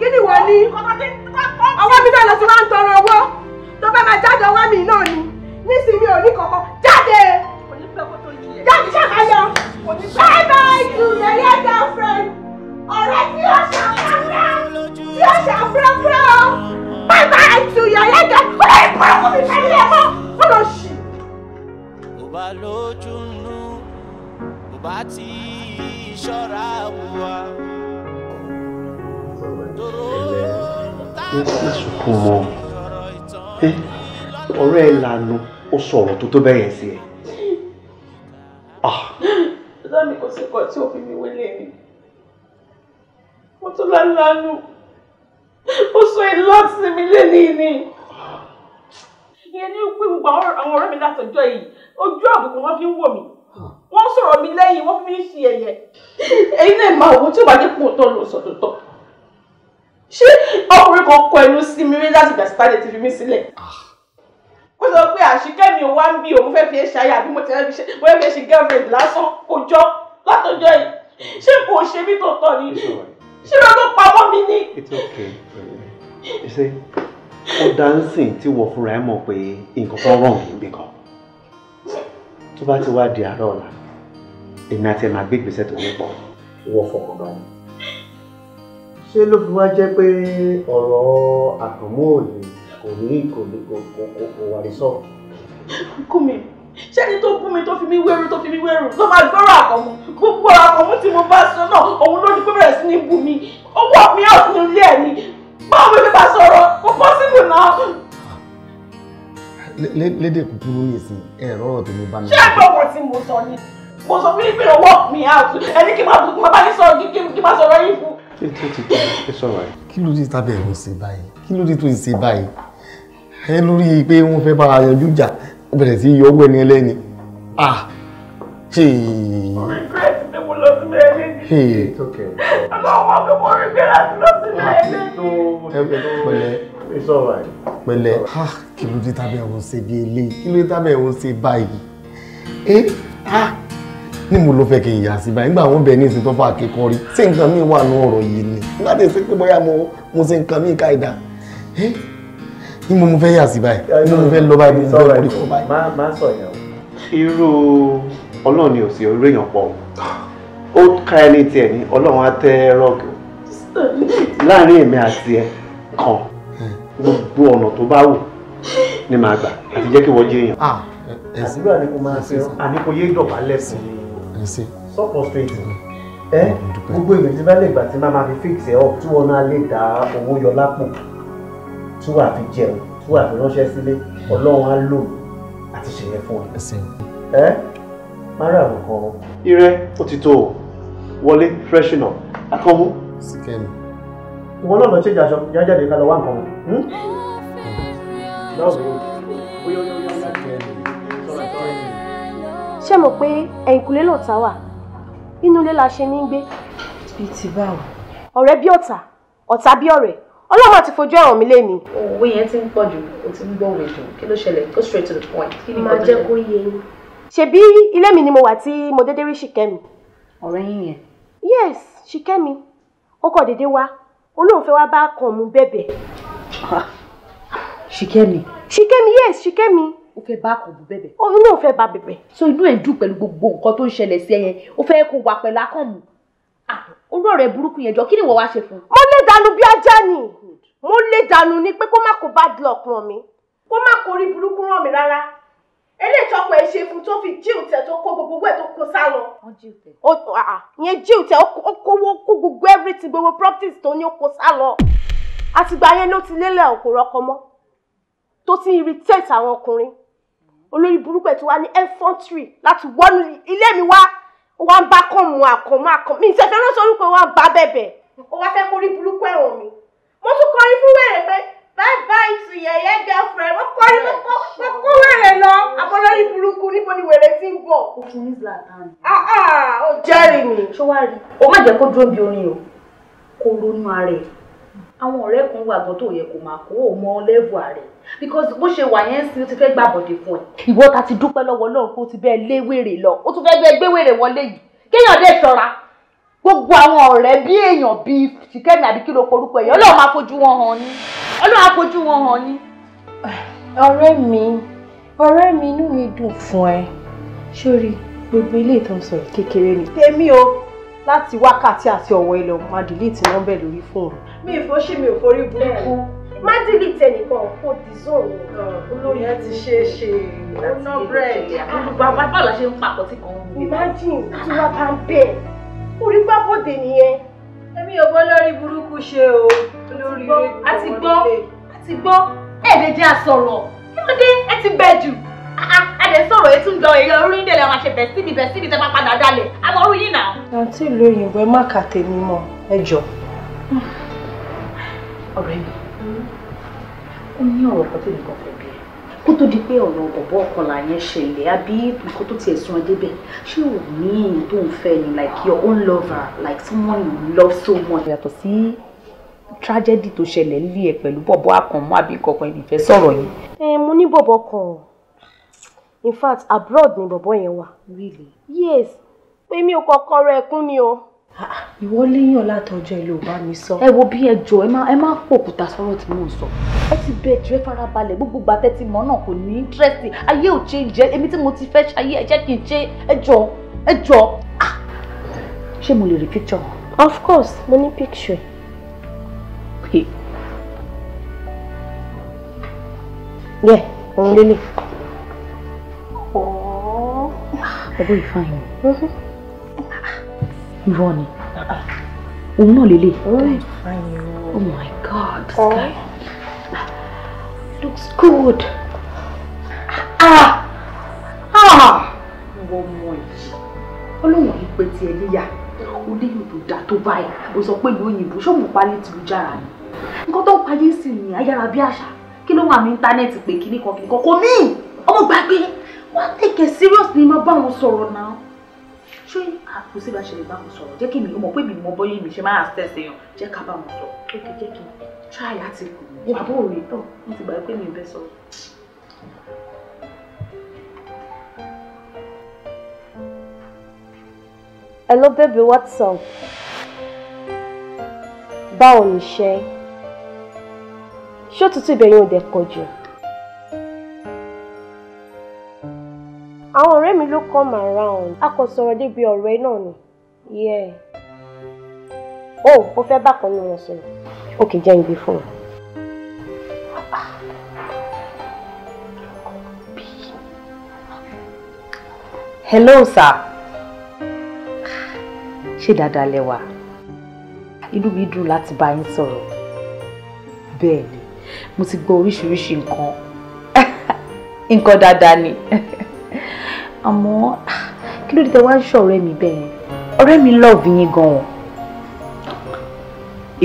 kí ni wọ́n ní. ọwọ́ mi náà lọ sí wá tọrọ owó tó bá máa jáde ọwọ́ mi náà ni nísìnyí ò ní kọ̀kọ́ jáde. jáde ṣàkàyọ. bye bye you my dear girlfriend ọ̀rẹ́ tí ó ṣàfẹ́fẹ́ tí ó ṣàfẹ́fẹ́ o bàbá àti ìyá ẹ̀gẹ́ ó lè pọ̀ ọkọ mi pẹ̀lú ẹ̀ mọ́ ó lọ ṣì. kò bá lójú nù kò bá tí ṣọ́ra wùwà. Eh, ẹ ṣe sùkùn mọ́ ọ̀rẹ́ ẹ̀ ó sọ̀rọ̀ tó tó bẹ́ẹ̀ sí ẹ̀. tẹ́lẹ̀ ni. ìyẹn ní pé gbogbo àwọn ọ̀rẹ́ mi látọjọ́ yìí ojú àbùkù wọn fi ń wò mí wọ́n sọ̀rọ̀ mi lẹ́yìn wọ́n fi ń ṣe ẹ̀yẹ. ẹ̀yin náà máa wo tí ò bá dé kún òótọ́ lò sọ tòótọ́ ṣé ọkùnrin kan kọ ẹnu sí mi rí láti gbàsí tálẹ̀ ti fi mí sílẹ̀ ó sọ pé àṣìkẹ́ mi ò wá ń bí òun fẹ́ fi ẹ́ ṣayé àbí mo ti rẹ́ fi ṣe girlfriend lásán kò látọjọ́ yìí ṣé kò ṣe mí tòótọ́ ni ṣé ló pamọ́ mi ni. It's okay. You see? ó dáńsìn tí wọ́n fúnra ẹ̀ mọ̀ pé nǹkan kan rọ̀ níbí kan tó bá ti wá di àárọ̀ ọ̀la èmi àti ẹ̀ máa gbé ìgbésẹ̀ tó nípọ̀ wọ́n fọkàn gan ni. ṣé ló fi wá jẹ́ pé ọ̀rọ̀ àkànmọ́ òní kò ní kò ní kò kò kò wà ní sọ̀rọ̀. kú mi ṣé ẹni tó bú mi tó fi mí wẹ́rù tó fi mí wẹ́rù ló máa gbọ́rọ̀ àkànmọ́ gbogbo àkànmọ́ tí mo bá sọ náà òun ló ní pé bẹ̀rẹ̀ sí ní bú mi ó wọ̀ mí ilé ẹ̀ ni báwo ló bá sọ̀rọ̀ kò pọ́sibù náà. lédè kúkúrú nìsín ẹ̀rọ ọ̀rọ̀ tó ní bá mi. ṣé ẹgbẹ́ ọkọ̀ tí mo sọ ni mo sọ fún yín pé work me out ẹni kí n máa kí n bá ní sọ̀rọ̀ kí n máa sọ̀rọ̀ yín fún. kí ló dé tábẹ̀ ẹ̀rọ ṣe báyìí kí ló dé tó ṣe báyìí ẹ lórí pé wọ́n fẹ́ bára yanjú ìjà ó bẹ̀rẹ̀ sí yọ ọgbẹ́ ni ẹlẹ́ni ah ṣe. regret ni mo lọ sí mẹ́rin kọ́ ọmọ kí mo rí bí láti lọ sí ilé. pẹ̀lẹ́ ah, kí ló dé tábẹ́ ẹ̀wọ̀n ṣe bí eléyìí kí ló dé tábẹ́ ẹ̀wọ̀n ṣe báyìí eh, ah, ní mo ló fẹ́ kí n yà sí báyìí nígbà wọn bẹ ní ìsìn tó fà kékọ́ rí ṣé nǹkan mi wà ní ọ̀rọ̀ yìí ni nígbà tí èsì pé bóyá mo ṣe nǹkan mi káìdá eh, ní mo mo fẹ́ yà sí báyìí ní mo fẹ́ lọ báyìí mo fẹ́ lórí kọ báyìí. má sọ yẹn o. irú ọlọ́run ò sí orí èèyàn pọ̀ o ó ká ẹni tiẹ̀ ní ọlọ́run á tẹ́ rọ́ọ̀gì láàrin èmi àti ẹ kan gbogbo ọ̀nà tó bá wù ni màá gbà àti jẹ́ kí wọ́n jẹ́ èèyàn. Ah, àdúrà ni kò máa ṣe àníkòyé ìdọ̀bálẹ̀ sí i sọ́kọ̀ straight ẹ gbogbo èèyàn tí bá lè gbà tí máa ma fi fix ẹ up tí wọn náà lè dá owó yọ lápò tí wàá fi jẹun tí wàá fi ránṣẹ́ sílé ọlọ́run á lò àti ṣèyẹ fún ẹ. ẹ má rà wọ̀ kọ́ ọ irẹ́ ó ti tó o wọlé freshen up akọ̀wé. sikẹ́mi. ìwọ náà lọ ṣèjà aṣọ ìyá jáde ká lọ wá nǹkan mu. Hmm? Hmm? ṣé mo pé ẹ̀yìnkùlé lọ̀tá wà inú ilé la ṣe ní gbé. bíi ti báwo. ọ̀rẹ́ bí ọ̀tá ọ̀tá bí ọ̀rẹ́ ọlọ́run ti fojú ẹ̀wọ̀n mi lé mi. òwe yẹn ti ń pọ̀ jù o ti ń gbọ́ òwe jù kí ló ṣẹlẹ̀ go straight to the point. kí ni kò tó ṣẹlẹ̀ máa jẹ́ kó yé yín ṣebí ilé mi ni mo wà tí mo dédé rí ṣìkẹ́mi. ọ̀rẹ́ yín yẹn. yes ṣìkẹ́mi ó kàn dédé wá ó lóun fẹ́ wá bá kàn mú bẹ̀bẹ̀. ṣìkẹ́mi. ṣìkẹ́mi yes ṣìkẹ́mi. ó fẹ́ bá kàn mú bẹ̀bẹ̀. ó lóun fẹ́ bá bẹ̀bẹ̀. so inú ẹ̀ dùn pẹ̀lú gbogbo nǹkan tó ń ṣẹlẹ̀ sí ẹ yẹn ó fẹ́ kó wà pẹ̀lú akọ̀mù. orú ọ̀rẹ́ burúkú yẹn jọ kí ni wọ́n wá ṣe fún un. mo lè dànù bí ajá ni mo lè dànù ni pé kó má kó bad luck ràn mí kó má kó rí burúkú ràn mí rárá eléyìí tọkọ ẹ ṣe fún tó fi jíù tẹ tó kó gbogbo ẹ tó kó sá lọ. ìyẹn jíù tẹ ó kówó kó gbogbo everything gbogbo properties tó ní ó kó sá lọ àtìgbà yẹn ló ti lélẹ̀ òkú rọkọ mọ́ tó ti irritate àwọn ọkùnrin olórí burúkú ẹ̀ tó wá ní infantry láti wọ́nú ilé mi wá wá ń bá kàn mú àkànmọ́ àkànmọ́ mi ìṣẹ̀fẹ́ ránṣọ́ orúkọ wa ń bá bẹ̀bẹ̀ ó wá fẹ́ kórí burúkú ẹ̀wọ̀n mi mo tún kọrin fún wẹ̀rẹ̀ pé bye bye to yẹ̀yẹ́ girlfriend wọ́n kọ́ ní wọ́n kó wẹ̀rẹ̀ lọ abọ́lọ́rí burúkú níbo ni wèrè ti ń bọ̀. o fún ní zlatan. ah ah o jẹ́rìí mi. ṣó wá rí o má jẹ́ kó dúró bí orin o kó ronú ara ẹ̀ àwọn ọ̀rẹ́ kan wà gan tó yẹ kó máa kó o mọ lẹ́vù ààrẹ because bó ṣe wà yẹn sí o ti fẹ́ gbà bọ̀dẹ̀ fún ẹ. ìwọ ta ti dúpẹ́ lọ́wọ́ Ọlọ́run kó o ti bẹ́ẹ̀ lé wèrè lọ o tún fẹ́ gbé wèrè wọlé yìí kéèyàn dé ṣọ́ra gbogbo àwọn ọ̀rẹ́ bí èèyàn bíi ṣìkẹ́mi àbí kí ló porúkọ èèyàn ọlọ́run máa fojú wọn hàn ni ọlọ́run á fojú wọn hàn ni. ọ̀rẹ́ mi ọ̀rẹ́ mi inú mi dùn fún ẹ sórí gbogbo ilé ìtàn sọ̀rọ̀ kékeré ni. tèmi o láti wákàtí àti ọ̀wọ́ ẹ lọ máa dìlíìtì nọ́mbẹ̀ lórí fóònù. mi ò fọ́ ṣe mi ò forí burúkú má dìlíìtì ẹnìkan kò dì zóònù olórí ẹ ti ṣe é ṣe ó ná búrẹ́dì àbúrò bàbá bàbá làṣẹ ń pàpọ̀ sí kan. imagine tí wọ́n bá ń bẹ̀ẹ́ orí gbàbọ̀dé nìyẹn. èmi ò gbọ́ lórí burúkú ṣe o. olórí rẹ a ti gbọ́ a ti gbọ́ ẹ̀ẹ́dẹ̀jẹ̀ àsọ̀rọ̀ kí ló dé ẹ ti bẹ̀ jù ah, ah, ẹ̀dẹ̀ sọ̀rọ̀ ètò ń lọ èyí orí ń dẹ̀lẹ̀ àwọn àṣẹbẹ̀ síbi bẹ̀ síbi tẹ́ bá padà dalẹ̀ àmọ́ orí yìí náà. àǹtí ìlú òyìnbó ẹ má kà tèmi mọ́ ẹ jọ. Hmm. ọ̀rẹ́ mi ó ní ọ̀rọ̀ kan tó nìkan fẹ́ kó tó di pé ọ̀rọ̀ bọ̀bọ̀ ọ̀kọ̀là yẹn ṣẹlẹ̀ àbí nǹkan tó tiẹ̀ sún ẹ ṣé ò ní ìyẹn tó ń fẹ́ ni like your own lover like someone you love so much. yàtọ̀ sí tragedy tó ṣẹlẹ̀ nílé ẹ pẹ̀lú bọ̀bọ̀ àkànmọ́ àbí kankan ẹni ìfẹ́ sọ̀rọ̀ yìí. ẹ mo ní bọ̀bọ̀ kan in fact abroad ni bọ̀bọ̀ yẹn wà. really yes pé mi ò kọ́kọ́ rẹ̀ kún ni o ìwọ léyàn látọjọ́ ẹ ló bá mi sọ. ẹ wo bí ẹ jọ ẹ má ẹ má pòkúta sọ̀rọ̀ tí mò ń sọ. ẹ ti bẹ jù ẹ farabalẹ̀ gbogbo gbàtẹ́ ti mọ́ náà kò ní íńtírẹ́sì ayé ò ṣe jẹ èmi tí mo ti fẹ́ ṣayé ẹ jẹ́ kí n ṣe ẹ jọ ah! ṣé mo lè rí picture. of course mo ní picture. yẹ òun lélẹ̀. ọ̀ọ́ ẹ bó ìfàyàn. Mm-hmm irọ́ ni òun náà lélẹ̀. oh my god this oh. guy looks good. ah ah wọ́n mọ èyí ọlọ́run yìí pé tiẹ̀ níyà onílù tó dáa tó báyìí ó sọ pé ìlú òyìnbó ṣọ́ọ̀bù pálí tìlújára ni nǹkan tó ń payé sí ni ayára bí àṣà kí ló wà ní íńtánẹ́ẹ̀tì pé kíní kan kíní kan kò ní ọmọ gbàgbé wọ́n á tẹ̀kẹ̀ serious ni máa bá wọn sọ̀rọ̀ náà ṣé àpò sí bá ṣe lè bá wọn sọ̀rọ̀ jẹ́ kí mi mọ̀ pé mi mọ bóyá mi ṣe máa access èèyàn jẹ́ ká bá wọn sọ ókè jẹ́ kí try láti kù wọ àbó rè tán wọ́n ti gbà pé mi ò fẹ́ sọ̀rọ̀. Hello baby, what's up? Báwo ni ṣe? Ṣé òtútù ibẹ̀ yóò dẹ̀ pọ̀ jù? àwọn ọ̀rẹ́ mi ló come around a kò sọ̀rọ̀ débi ọ̀rọ̀ ẹ náà ni yeah o ò fẹ́ bákan ní wọn sọ̀rọ̀ òkè jẹ́ ibi fún un. hello sir ṣé dáadáa lẹ wà inú mi dùn láti bá yín sọ̀rọ̀ bẹ́ẹ̀ ni mo ti gbọ́ oríṣiríṣi nǹkan nǹkan dáadáa ni. àmọ́ kí ló dé tẹ wá ń ṣọ̀rẹ́ mi bẹ́ẹ̀ ọ̀rẹ́ mi lọ́ọ̀bù yín gan-an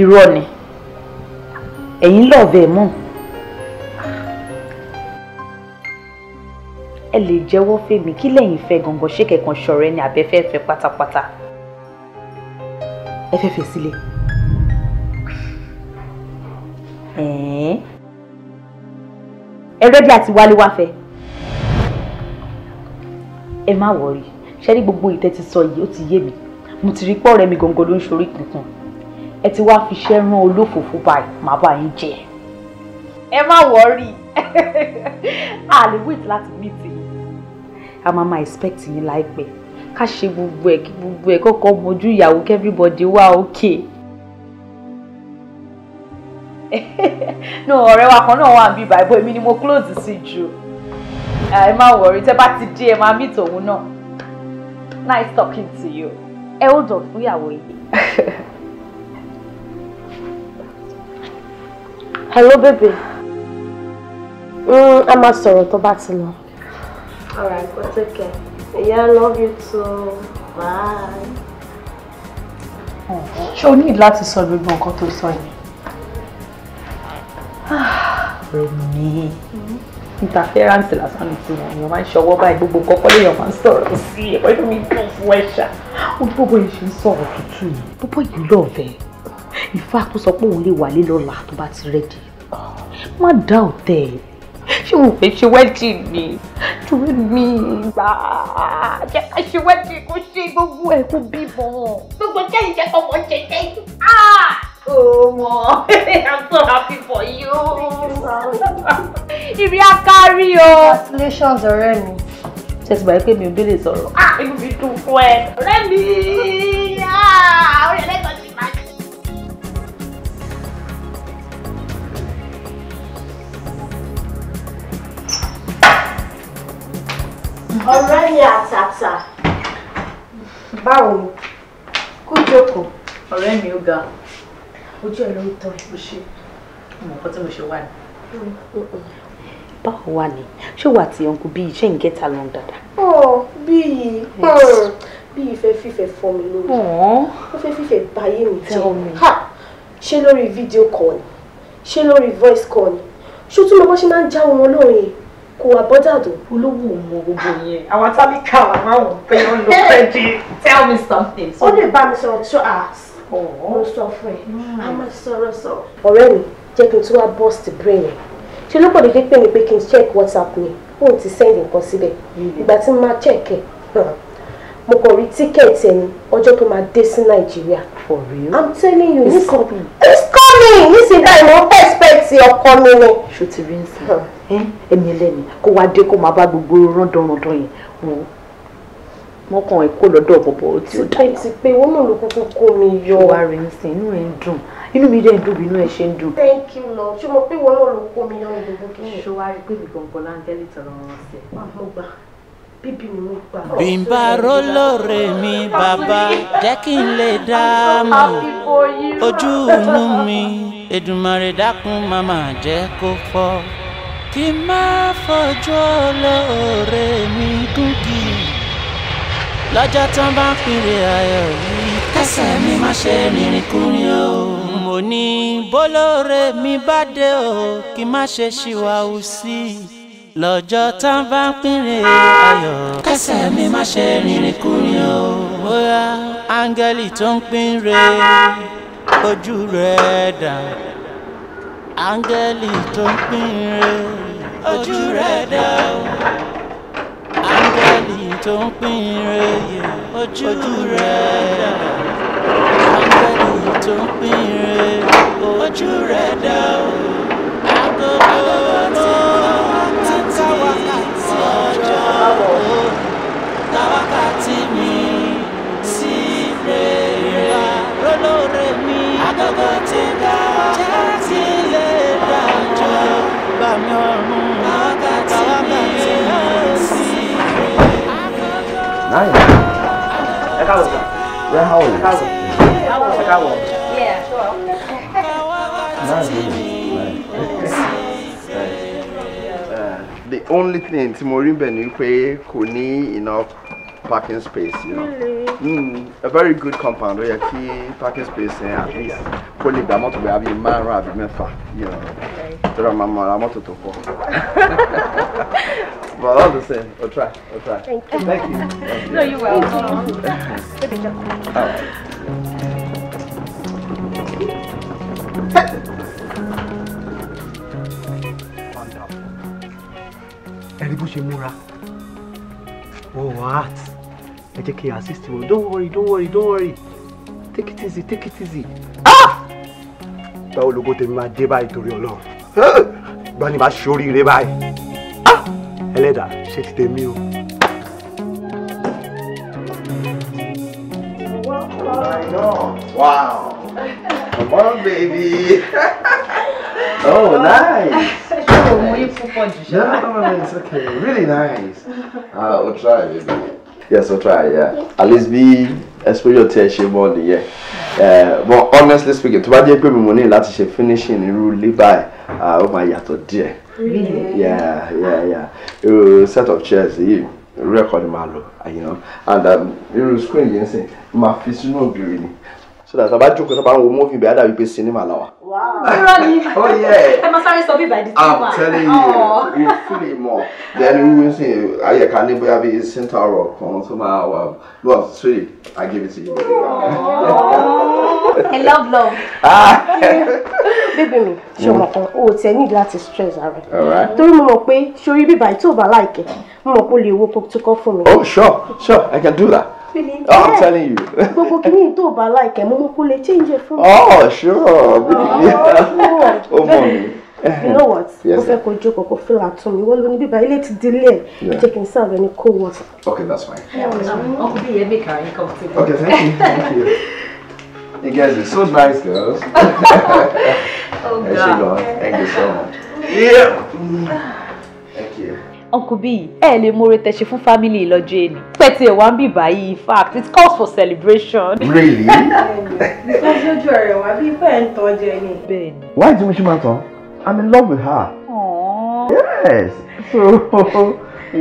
irọ́ ni ẹ̀yin lọ́ọ̀bù ẹ̀ mọ́ ẹ lè jẹ́wọ́ fèmí kí lẹ́yìn fẹ́ gangan ṣé kẹ̀kan ṣọ̀rẹ́ ni àbẹ́fẹ́fẹ́ pátápátá ẹ fẹ́ fẹ́ sílẹ̀ ẹ̀ẹ́n ẹ rẹ́dí àti wálé wá fẹ́ ẹ má wọrí ṣẹ́rí gbogbo ìtẹ́ ti sọ yìí ó ti yé mi mo ti rí pọ́ọ̀rẹ́ mi gangan ló ń ṣorí kíkún ẹ ti wá fi iṣẹ́ rán olófòfó báyìí màá bá yín jẹ ẹ má wọrí a lè wait láti meet yín a máa máa expect yín láìpẹ́ ká ṣe gbogbo ẹ̀ kí gbogbo ẹ̀ kọ́kọ́ mojú ìyàwó kí everybody wá okay. no ọ̀rẹ́ wa kan náà wà ń bí bàbá èmi ni mo close sí jù ẹ má wọrí tẹ bá ti dé ẹ máa meet òun náà nice talking to you ẹ ó dàn fún ìyàwó yìí. hello baby mm, a máa sọ̀rọ̀ tó bá ti lọ. alright take care yeah i love you too bye. ṣé o ní láti sọ gbogbo nǹkan tó sọ yìí? Ah, Romi. Mm -hmm interference lásán ni tiwọn èèyàn máa ń ṣọwọ́ báyìí gbogbo kọ́kọ́ lèèyàn máa ń sọ̀rọ̀ sí ẹ̀kọ́ inú mi dùn fún ẹ̀ṣà ó ní bọ́bọ́ yìí ṣe ń sọ̀rọ̀ tútù yìí bọ́bọ́ yìí lọ́ọ̀fẹ́ ìfá tó sọ pé òun lè wálé lọ́la tó bá ti rẹ́dì má dá ọ̀tẹ̀ ẹ̀ ṣé òun fẹ́ ṣe wẹ́ẹ̀dì ni torí mi gbà á jẹ́ ká ṣe wẹ́ẹ̀dì kó ṣe gbogbo ẹ̀ kó gbogbo jẹ́ ìjẹ́ so much. I'm so happy for you. Ibi akari If Congratulations are carry, Ṣé Congratulations, gbà Just by ò bí lè sọ̀rọ̀? Ah! it will be too ẹ. Ọ̀rẹ́ mi! Ah, orí ẹlẹ́gbẹ̀ẹ́ ti máa kí. Ọ̀rẹ́ mi àtàtà. Báwo? Kú jókòó. Ọ̀rẹ́ mi ó ga ojú ẹ̀ ló ń tọ́ ẹ̀. mo ṣe mo kọ́ tí mo ṣe wà ní. báwo wà ní ṣé wà tí uncle bíi ṣé ń get along dáadáa. ọ bíi bíi fẹ́ fífẹ́ fọ́ mi lórí ó fẹ́ fífẹ́ báyé mi jẹ́ ṣé lórí fídíò call ni ṣé lórí voice call ni ṣó tún mo bọ́ ṣe máa ń jáwọ́ wọn lórin kò wà bọ́dàdó. olówó òun gbogbo yẹn àwọn tábìkà àwọn àwọn òpin ló fẹ́ di tell me something. ó lè bá mi sọ̀rọ̀ two hours. Ah, mo sọ fún a máa mm. sọ̀rọ̀ sọ. ọ̀rẹ́ mi jẹ́ kí n tún wá bọ́ọ̀sì brain ẹ̀ ṣe ló pọ̀dé pé mi pé kí n check whatsapp mi fóun ti send nǹkan síbẹ̀ mm-hmm. ìgbà tí mo máa check ẹ̀ mo kàn rí tíkẹ́ẹ̀tì ẹni ọjọ́ tó máa dé sí nàìjíríà. for real i'm telling you it's coming it's coming nísìnyí báyìí mo expect ọkọ mi ni. ṣó ti rí nsìn ẹni ẹlẹ́ni kó wá dé kó máa bá gbogbo rán dandan yẹn wò ó wọ́n kàn kó lọ́dọ̀ bọ̀bọ̀ tí ó dáná. ti pé wọn náà ló kúkú kó mi yọ. ṣé wàá rí nsìn inú ẹ ń dùn inú mi dẹ̀ ń dùn bí inú ṣe ń dùn. thank you lọ ṣé mo pé wọn náà ló kó mi yọ ní gbogbo kí ni. ṣé wàá rí pé mi gbọ̀ngàn láńgẹ́lì tọrọ wọn sí. Ah, mo gbà bíbí mi mo gbà. bímbà rólóore mi bàbá jẹ́ kí n lè dá mọ̀ ojú inú mi Èdùmàrè dákun màmá jẹ́ kó fọ́ kí n má fojú olóore mi gùn lọ́jọ́ tán bá ń pinre ayọ̀ yìí kẹsẹ̀ mi má ṣe rìnrìn kúrin o. mo ní bólóore mi bá dé o kí má ṣe ṣìwàhù sí i lọ́jọ́ tán bá ń pinre ayọ̀ kẹsẹ̀ mi má ṣe rìnrìn kúrin o. bóyá áńgẹ́lì tó ń pinre ojú rẹ̀ dà áńgẹ́lì tó ń pinre ojú rẹ̀ dà áńgẹ́lì tó ń pín ire ojú rẹ̀ dà áńgẹ́lì tó ń pín ire ojú rẹ̀ dà o. agogo ló ti ká wákàtí ọjọ́ o. Nice. Ẹ káàbọ̀ sir. Yeah, how are you? Ẹ káàbọ̀. Ẹ káàbọ̀. Yeah, sure. Nice. nice. the only thing tí mo rí bẹ̀ ni pé enough parking space you know really? Mm-hmm. mm, a very good compound where you kí parking space yẹn at least kó lè gba mọ́tò having man, márùn-ún àbí mẹ́fà you know tó dà máa mọ ara mọ́tò tó But all the same, I'll try. I'll try. Thank you. Thank you. No, you're welcome. all right. ẹ̀rí bó ṣe múra oh what ẹ jẹ́ kí assist you don't worry don't worry don't worry take it easy take it easy ah báwo lógo tèmi máa dé báyìí torí ọlọ́run gbani bá ṣoríire báyìí ah ẹlẹ́dàá ṣe ti tèmi o. I Wow. Come on, baby. Oh, nice. no, it's okay. Really nice. Ah, uh, we'll try, baby. Yes, I'll try, yeah. At least be experience your shame on yeah. Uh, but honestly speaking, tó bá jẹ́ pé mi mo ní finishing irú lé báyìí, ah, ó máa yàtọ̀ díẹ̀. Really? Yeah, yeah, yeah. A set of chairs yìí record máa lò, you know, and um, irú screen yẹn sìn, my fi sínú ògiri ni so that about jókòó sábà ń wo movie bẹ́ẹ̀ dàbí pé sinimá la wa. irọ́ ni oh, ẹ máa by the I'm telling you you oh. fully more. then wíwí sí ayẹ̀ká ní bóyá bíi central rock kan tó máa wà lọ́ọ̀ sweet I give it to you. I love love. Ah, baby bébè mi ṣe Oh, kan o tẹ ní láti stress ara torí mo mọ̀ pé ṣorí bíbá ìtòbá láìkẹ́ mo mọ̀ pé o lè wo kókó to kọ́ for me. oh sure sure I can do that feeling. Oh, I'm telling you. Gbogbo kìíní tó bá láìkẹ́ mo mú kó lè change it fún mi. Oh, sure. Ó oh, mọ̀ mi. You know what? Mo fẹ́ kó jókòó kó feel at home. Ìwọ ló ní bíbá ilé ti dílé ẹ̀. Jẹ́ kí n sáà rẹ ní cold water. Okay, that's fine. Ọkùnrin bí yẹn bí kàrí comfortable. Okay, thank you. Thank you. You guys are so nice, girls. oh, God. Thank you so much. Yeah uncle B, ẹ lè mọ̀rẹ́ tẹ̀sí fún family lọ́jọ́ ẹni pẹ̀tì ẹ̀wà ń bì báyìí in fact it calls for celebration. really. lójú ọ̀rẹ́ wa bí ìfẹ́ ń tọ́ jẹ ni. bẹ́ẹ̀ni. why do you ṣe máa tán i'm in love with her. Aww. yes so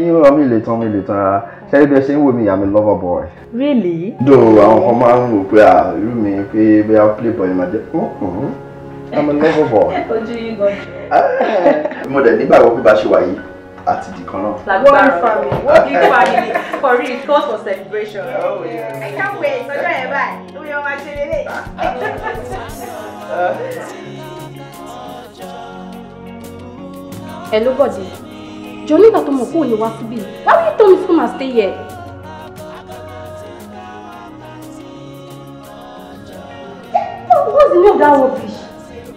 yín ọmọ ilé tán ọmọ ilé tán rárá ṣẹ́rí bí ẹ ṣe ń wò mí i'm a lover boy. really. do àwọn kan máa ń wò pé irú mi pé bí i play boy ni màá jẹ́ mm-hmm. i'm a lover boy. ojú yín gan. Eh, mo dẹ̀ nígbàgbọ́ pé bá ṣe wà yìí àti ìdìkan náà. Like one family, one big family for real, it calls for celebration. Oh, yes. I can't wait, ọjọ́ yẹn báyìí, ó yẹ wá ṣe lélẹ̀. Hello, body. Johnny, nígbà tó mọ̀ pé òun lè wá síbí. Why will you tell me to come and stay here? What's the name of that rubbish?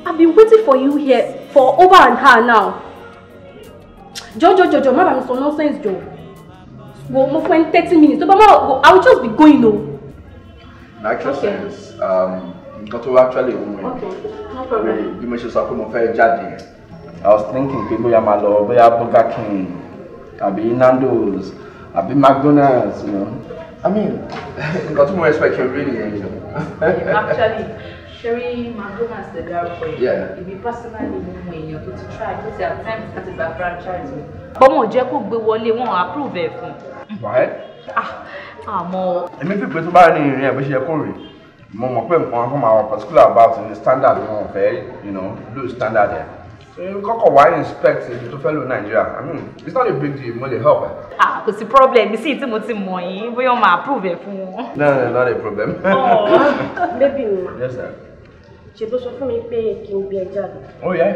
I've been waiting for you here for over an hour now jọjọjọjọ má bàa mi sọ nonsense jọ wo mo fẹ́ ní thirty minutes tó Mama, i will just be going o. na actual sense nǹkan tó actually wù mí bí mo ṣe sọ pé mo fẹ́ jáde i was thinking people bóyá malo, we bóyá burger king I àbí nando's be mcdonald's you know i mean got to mo respect, kí n rí actually. Sherry McDonald's the dark Yeah. Ibi personally mo èèyàn you ti try tó ti at times láti gba franchise mi. Bọ́mọ̀ jẹ́ kó gbé wọlé approve ẹ̀ fún. Wàá. Ah, àmọ́. Èmi fi pé tó bá rí ìrìn ẹ̀ bó ṣe yẹ kó rè mo mọ̀ particular about the standard wọn fẹ́ you know low standard there. ẹ̀. Kọ́kọ́ wá inspect ibi tó fẹ́ lò Nàìjíríà. I mean it's not a big deal mo help Ah kò the problem sí tí mo ti money. yín bóyá wọ́n máa approve ẹ̀ fún No no not a problem. Oh, maybe. Yes sir ṣe ló sọ fún mi pé kí n gbé ẹ jáde. ó oh, yẹ.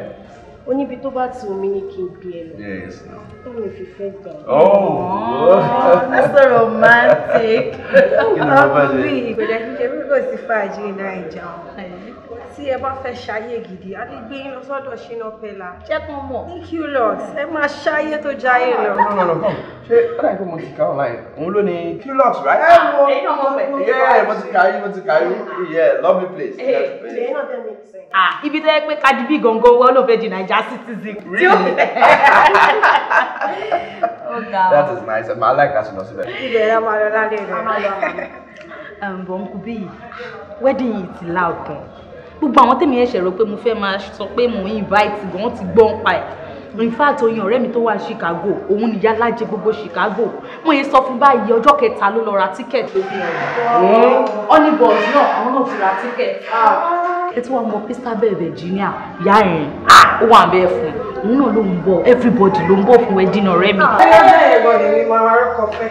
ó níbi tó bá ti omi ni kí n gbé ẹ lọ. yes na. ó mi fi fẹ́ gbà. oh that's so romantic. kí ni bàbá ṣe. ọkùnrin ìgbẹ́dẹ̀ kíkẹ́ bí kò sí fàájì náà ìjà ọ̀hún tí ẹ bá fẹ́ ṣayé gidi a lè gbé yín lọ sọ́dọ̀ Ṣínà Pẹ́lá jẹ́ kó mọ̀ thank you lord ẹ máa ṣayé tó jayé lọ. no no no ṣe ọ̀dà ìpè mo ti òun ló ní qlux right. Ah, ẹ wo ẹ yọ ọmọ pẹ̀lú ẹ mo ti yín mo ti yín yeah lovely place. ẹ ẹ náà dẹ́nu ìsìn. ah ibi tó yẹ pé Cardi B gangan wọn ló fẹ́ di naija citizen. really oh, that is nice i like that sinọ síbẹ̀. ibẹ̀ ẹ máa lọ lálẹ́ rẹ̀. Um, bọ̀ nkú bí wedding yìí ti láòkàn gbogbo àwọn tèmi ẹ̀ṣẹ̀ rò pé mo fẹ́ máa sọ pé mo invite gan ti gbọ́n pa ẹ̀ in fact oyin ọ̀rẹ́ mi tó wà Chicago òun ni yálàjẹ gbogbo Chicago mo yẹ sọ fún báyìí ọjọ́ kẹta ló lọ ra tíkẹ́ẹ̀tì tó fi hàn ọ́ ní bọ̀ọ̀sì náà àwọn náà ti ra tíkẹ́ẹ̀tì. Ah ẹ tí mọ pista bẹ́ẹ̀ virginia ìyá ẹ̀ ó wà bẹ́ẹ̀ fún un náà ló ń bọ̀ everybody ló ń bọ̀ fún wedding ọ̀rẹ́ mi. ẹyọ bẹ́ẹ̀ ẹ̀gbọ́n ni ah. mi máa rọ kọfẹ.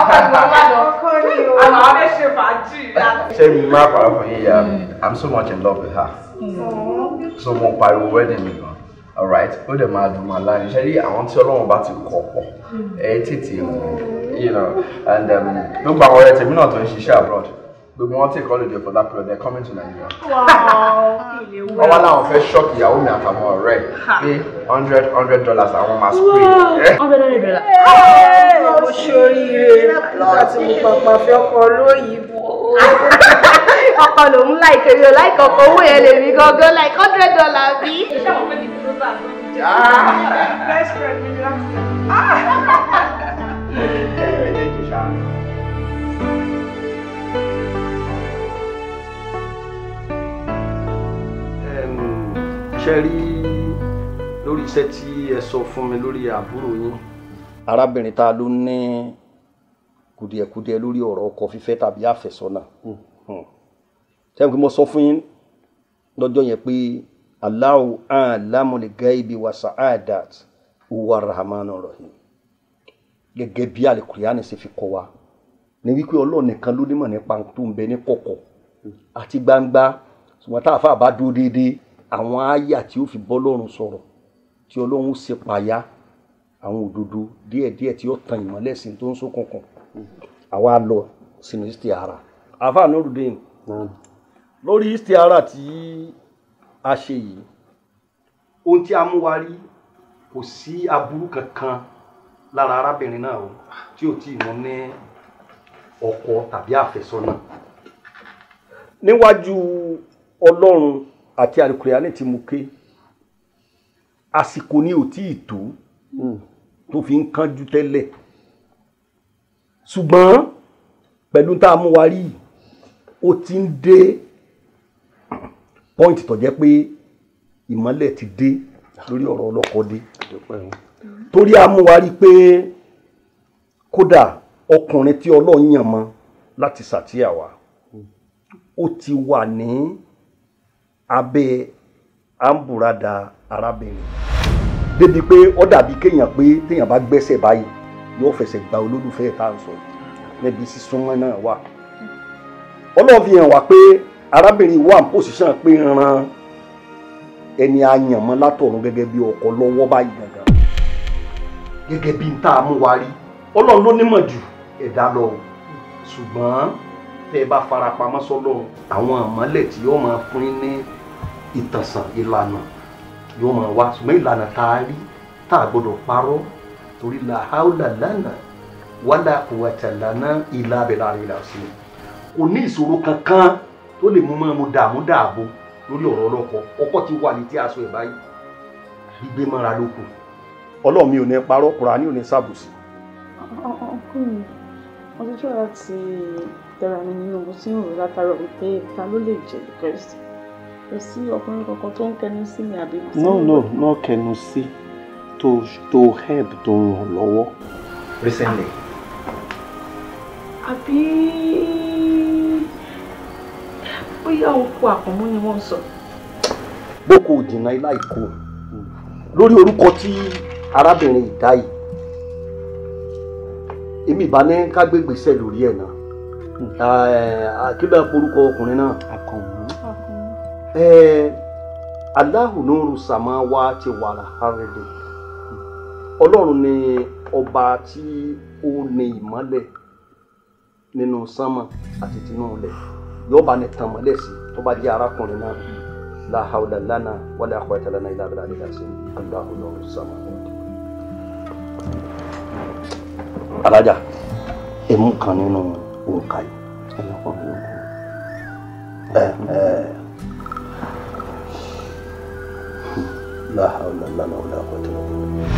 ọkọ ìgbà wà lọ kọ ni o àwọn abẹ ṣe fàájì. ṣé mi máa pàrọ̀ fún yín ya um, i'm so much in love with her. so mo pariwo wedding mi gan alright ó dẹ̀ máa dùn máa láyé ṣe rí àwọn tí ọlọ́run bá ti kọ̀ pọ̀ hmm. ẹ tètè you know and um, gbogbo àwọn ọ̀rẹ́ tèmi náà tó ń ṣiṣẹ́ abroad we wan take holiday for that period they coming to Nigeria. wọ́n wá láwọn fẹ́ ṣọ́ọ̀kì ìyàwó mi àtàwọn ọ̀rẹ́ pé hundred hundred dollars àwọn máa spray. hundred hundred eh? dollars. ó ah, ṣoríire láti mú pàpà fẹ́ ọkọ olóyìnbó. ọkọ lòun láìka èmi ò láìka ọkọ owó yẹn lèmi gangan like hundred dollars bí. ṣé àwọn ọmọdé ti tó bá a lọ. best friend mi ni láti sọ. ṣe rí lórí iṣẹ́ tí ẹ sọ fún mi lórí àbúrò yín. arábìnrin ta ló ní kùdìẹ̀kudiẹ lórí ọ̀rọ̀ ọkọ fífẹ́ tàbí àfẹ́sọ́nà sẹ́yìn hmm. pé hmm. mo sọ fún yín lọ́jọ́ yẹn pé Allahu a'lamu li ghaibi wa sa'adat huwa rahmanu rahim gẹ́gẹ́ bí alikuriani ṣe fi kọ́ wa ní wípé Ọlọ́run nìkan ló nímọ̀ nípa tó ń bẹ ní kọ̀kọ̀ hmm. àti gbangba ṣùgbọ́n tá fà bá dúró déédéé àwọn àyà tí ó fi bọ́ lọ́rùn sọ̀rọ̀ tí ọlọ́run ṣe payá àwọn òdodo díẹ̀díẹ̀ tí ó tan ìmọ́lẹ̀ sí tó ń ṣókùnkùn àwa lọ sínú istiara àfa nurudin lórí istiara tí a ṣe yìí ohun tí a mú wa rí kò sí aburú kankan lára arábìnrin náà o tí ò tí ì mọ ní ọkọ tàbí àfẹ́sọ́nà níwájú ọlọ́run àti àlùkùránì tí mo ké àsìkò ni ò tí ì tó hmm. tó fi ń kánjú tẹ́lẹ̀ ṣùgbọ́n pẹ̀lú tá a mú wa rí ó ti ń dé pọ́ìntì tó jẹ́ pé ìmọ́lẹ̀ ti dé lórí ọ̀rọ̀ ọlọ́kọ̀ dé torí a mú wa rí pé kódà ọkùnrin tí Ọlọ́run yàn mọ́ láti ṣàtìyàwá hmm. ó ti wà ní. Mm abẹ́ àǹbùradà arábìnrin débi pé ó dàbí kéèyàn pé téèyàn bá gbẹ́sẹ̀ báyìí yóò fẹsẹ̀ gba olólùfẹ́ ẹ̀ tá à ń sọ yìí níbi sísúnmọ́ náà wà ọlọ́run fi hàn wá pé arábìnrin wà ń pòṣíṣàn pé ran ẹni àyànmọ́ látọ̀run gẹ́gẹ́ bí ọkọ lọ́wọ́ báyìí gangan gẹ́gẹ́ bí n tá a mú wa rí ọlọ́run ló nímọ̀ jù ẹ̀dá lọ ṣùgbọ́n tẹ́ ẹ bá farapamọ́ sọ́lọ́run àwọn àmọ́lẹ̀ tí yóò máa fún yín ní ìtànsán ìlànà yóò máa wá ṣùgbọ́n ìlànà tá a rí tá a gbọ́dọ̀ parọ́ torí làhálà lánàá wàlà kùwàtà lánàá ìlà abẹ́là rẹ̀ là sí i kò ní ìṣòro kankan tó lè mú mọ́ dààmú dààbò lórí ọ̀rọ̀ ọlọ́kọ ọkọ ti wà ní tí aṣọ ẹ̀ báyìí gbígbé mọ́ra ló kù. ọlọ́run mi ò ní parọ́ Kùránì ò ní ṣàbùsí. ọkùnrin ọdún tó yà ti tẹ̀ra mi nínú ohun tí ń látara wípé ta ló lè jẹ́ Christ kò sí ọkùnrin kankan tó ń kẹnu sí mi àbí. no no no kẹnu sí tó tó help tó ràn lọ́wọ́. recently. àbí bóyá oko àpọ̀mọ́ ni wọ́n sọ. boko òdìnnà ilá ìkó lórí orúkọ tí arábìnrin ìdá yìí èmi ìbá ní ká lórí ẹ̀ náà hmm. kí ló ń porúkọ ọkùnrin náà. akọ̀wé ẹ̀ẹ́ Allahu nuru samawati wal ardi ọlọ́run ni ọba tí ó ní ìmọ́lẹ̀ nínú sánmà àti tinú ilẹ̀ yóò bá ní tàn mọ́lẹ̀ sí tó bá jẹ́ arákùnrin náà la hawla lana wala quwwata lana illa billahi àdìgá sí Allahu nuru samawati. alájà emu kan nínú òǹkà yìí ẹ ẹ. la haula lana wala quwwata illa billah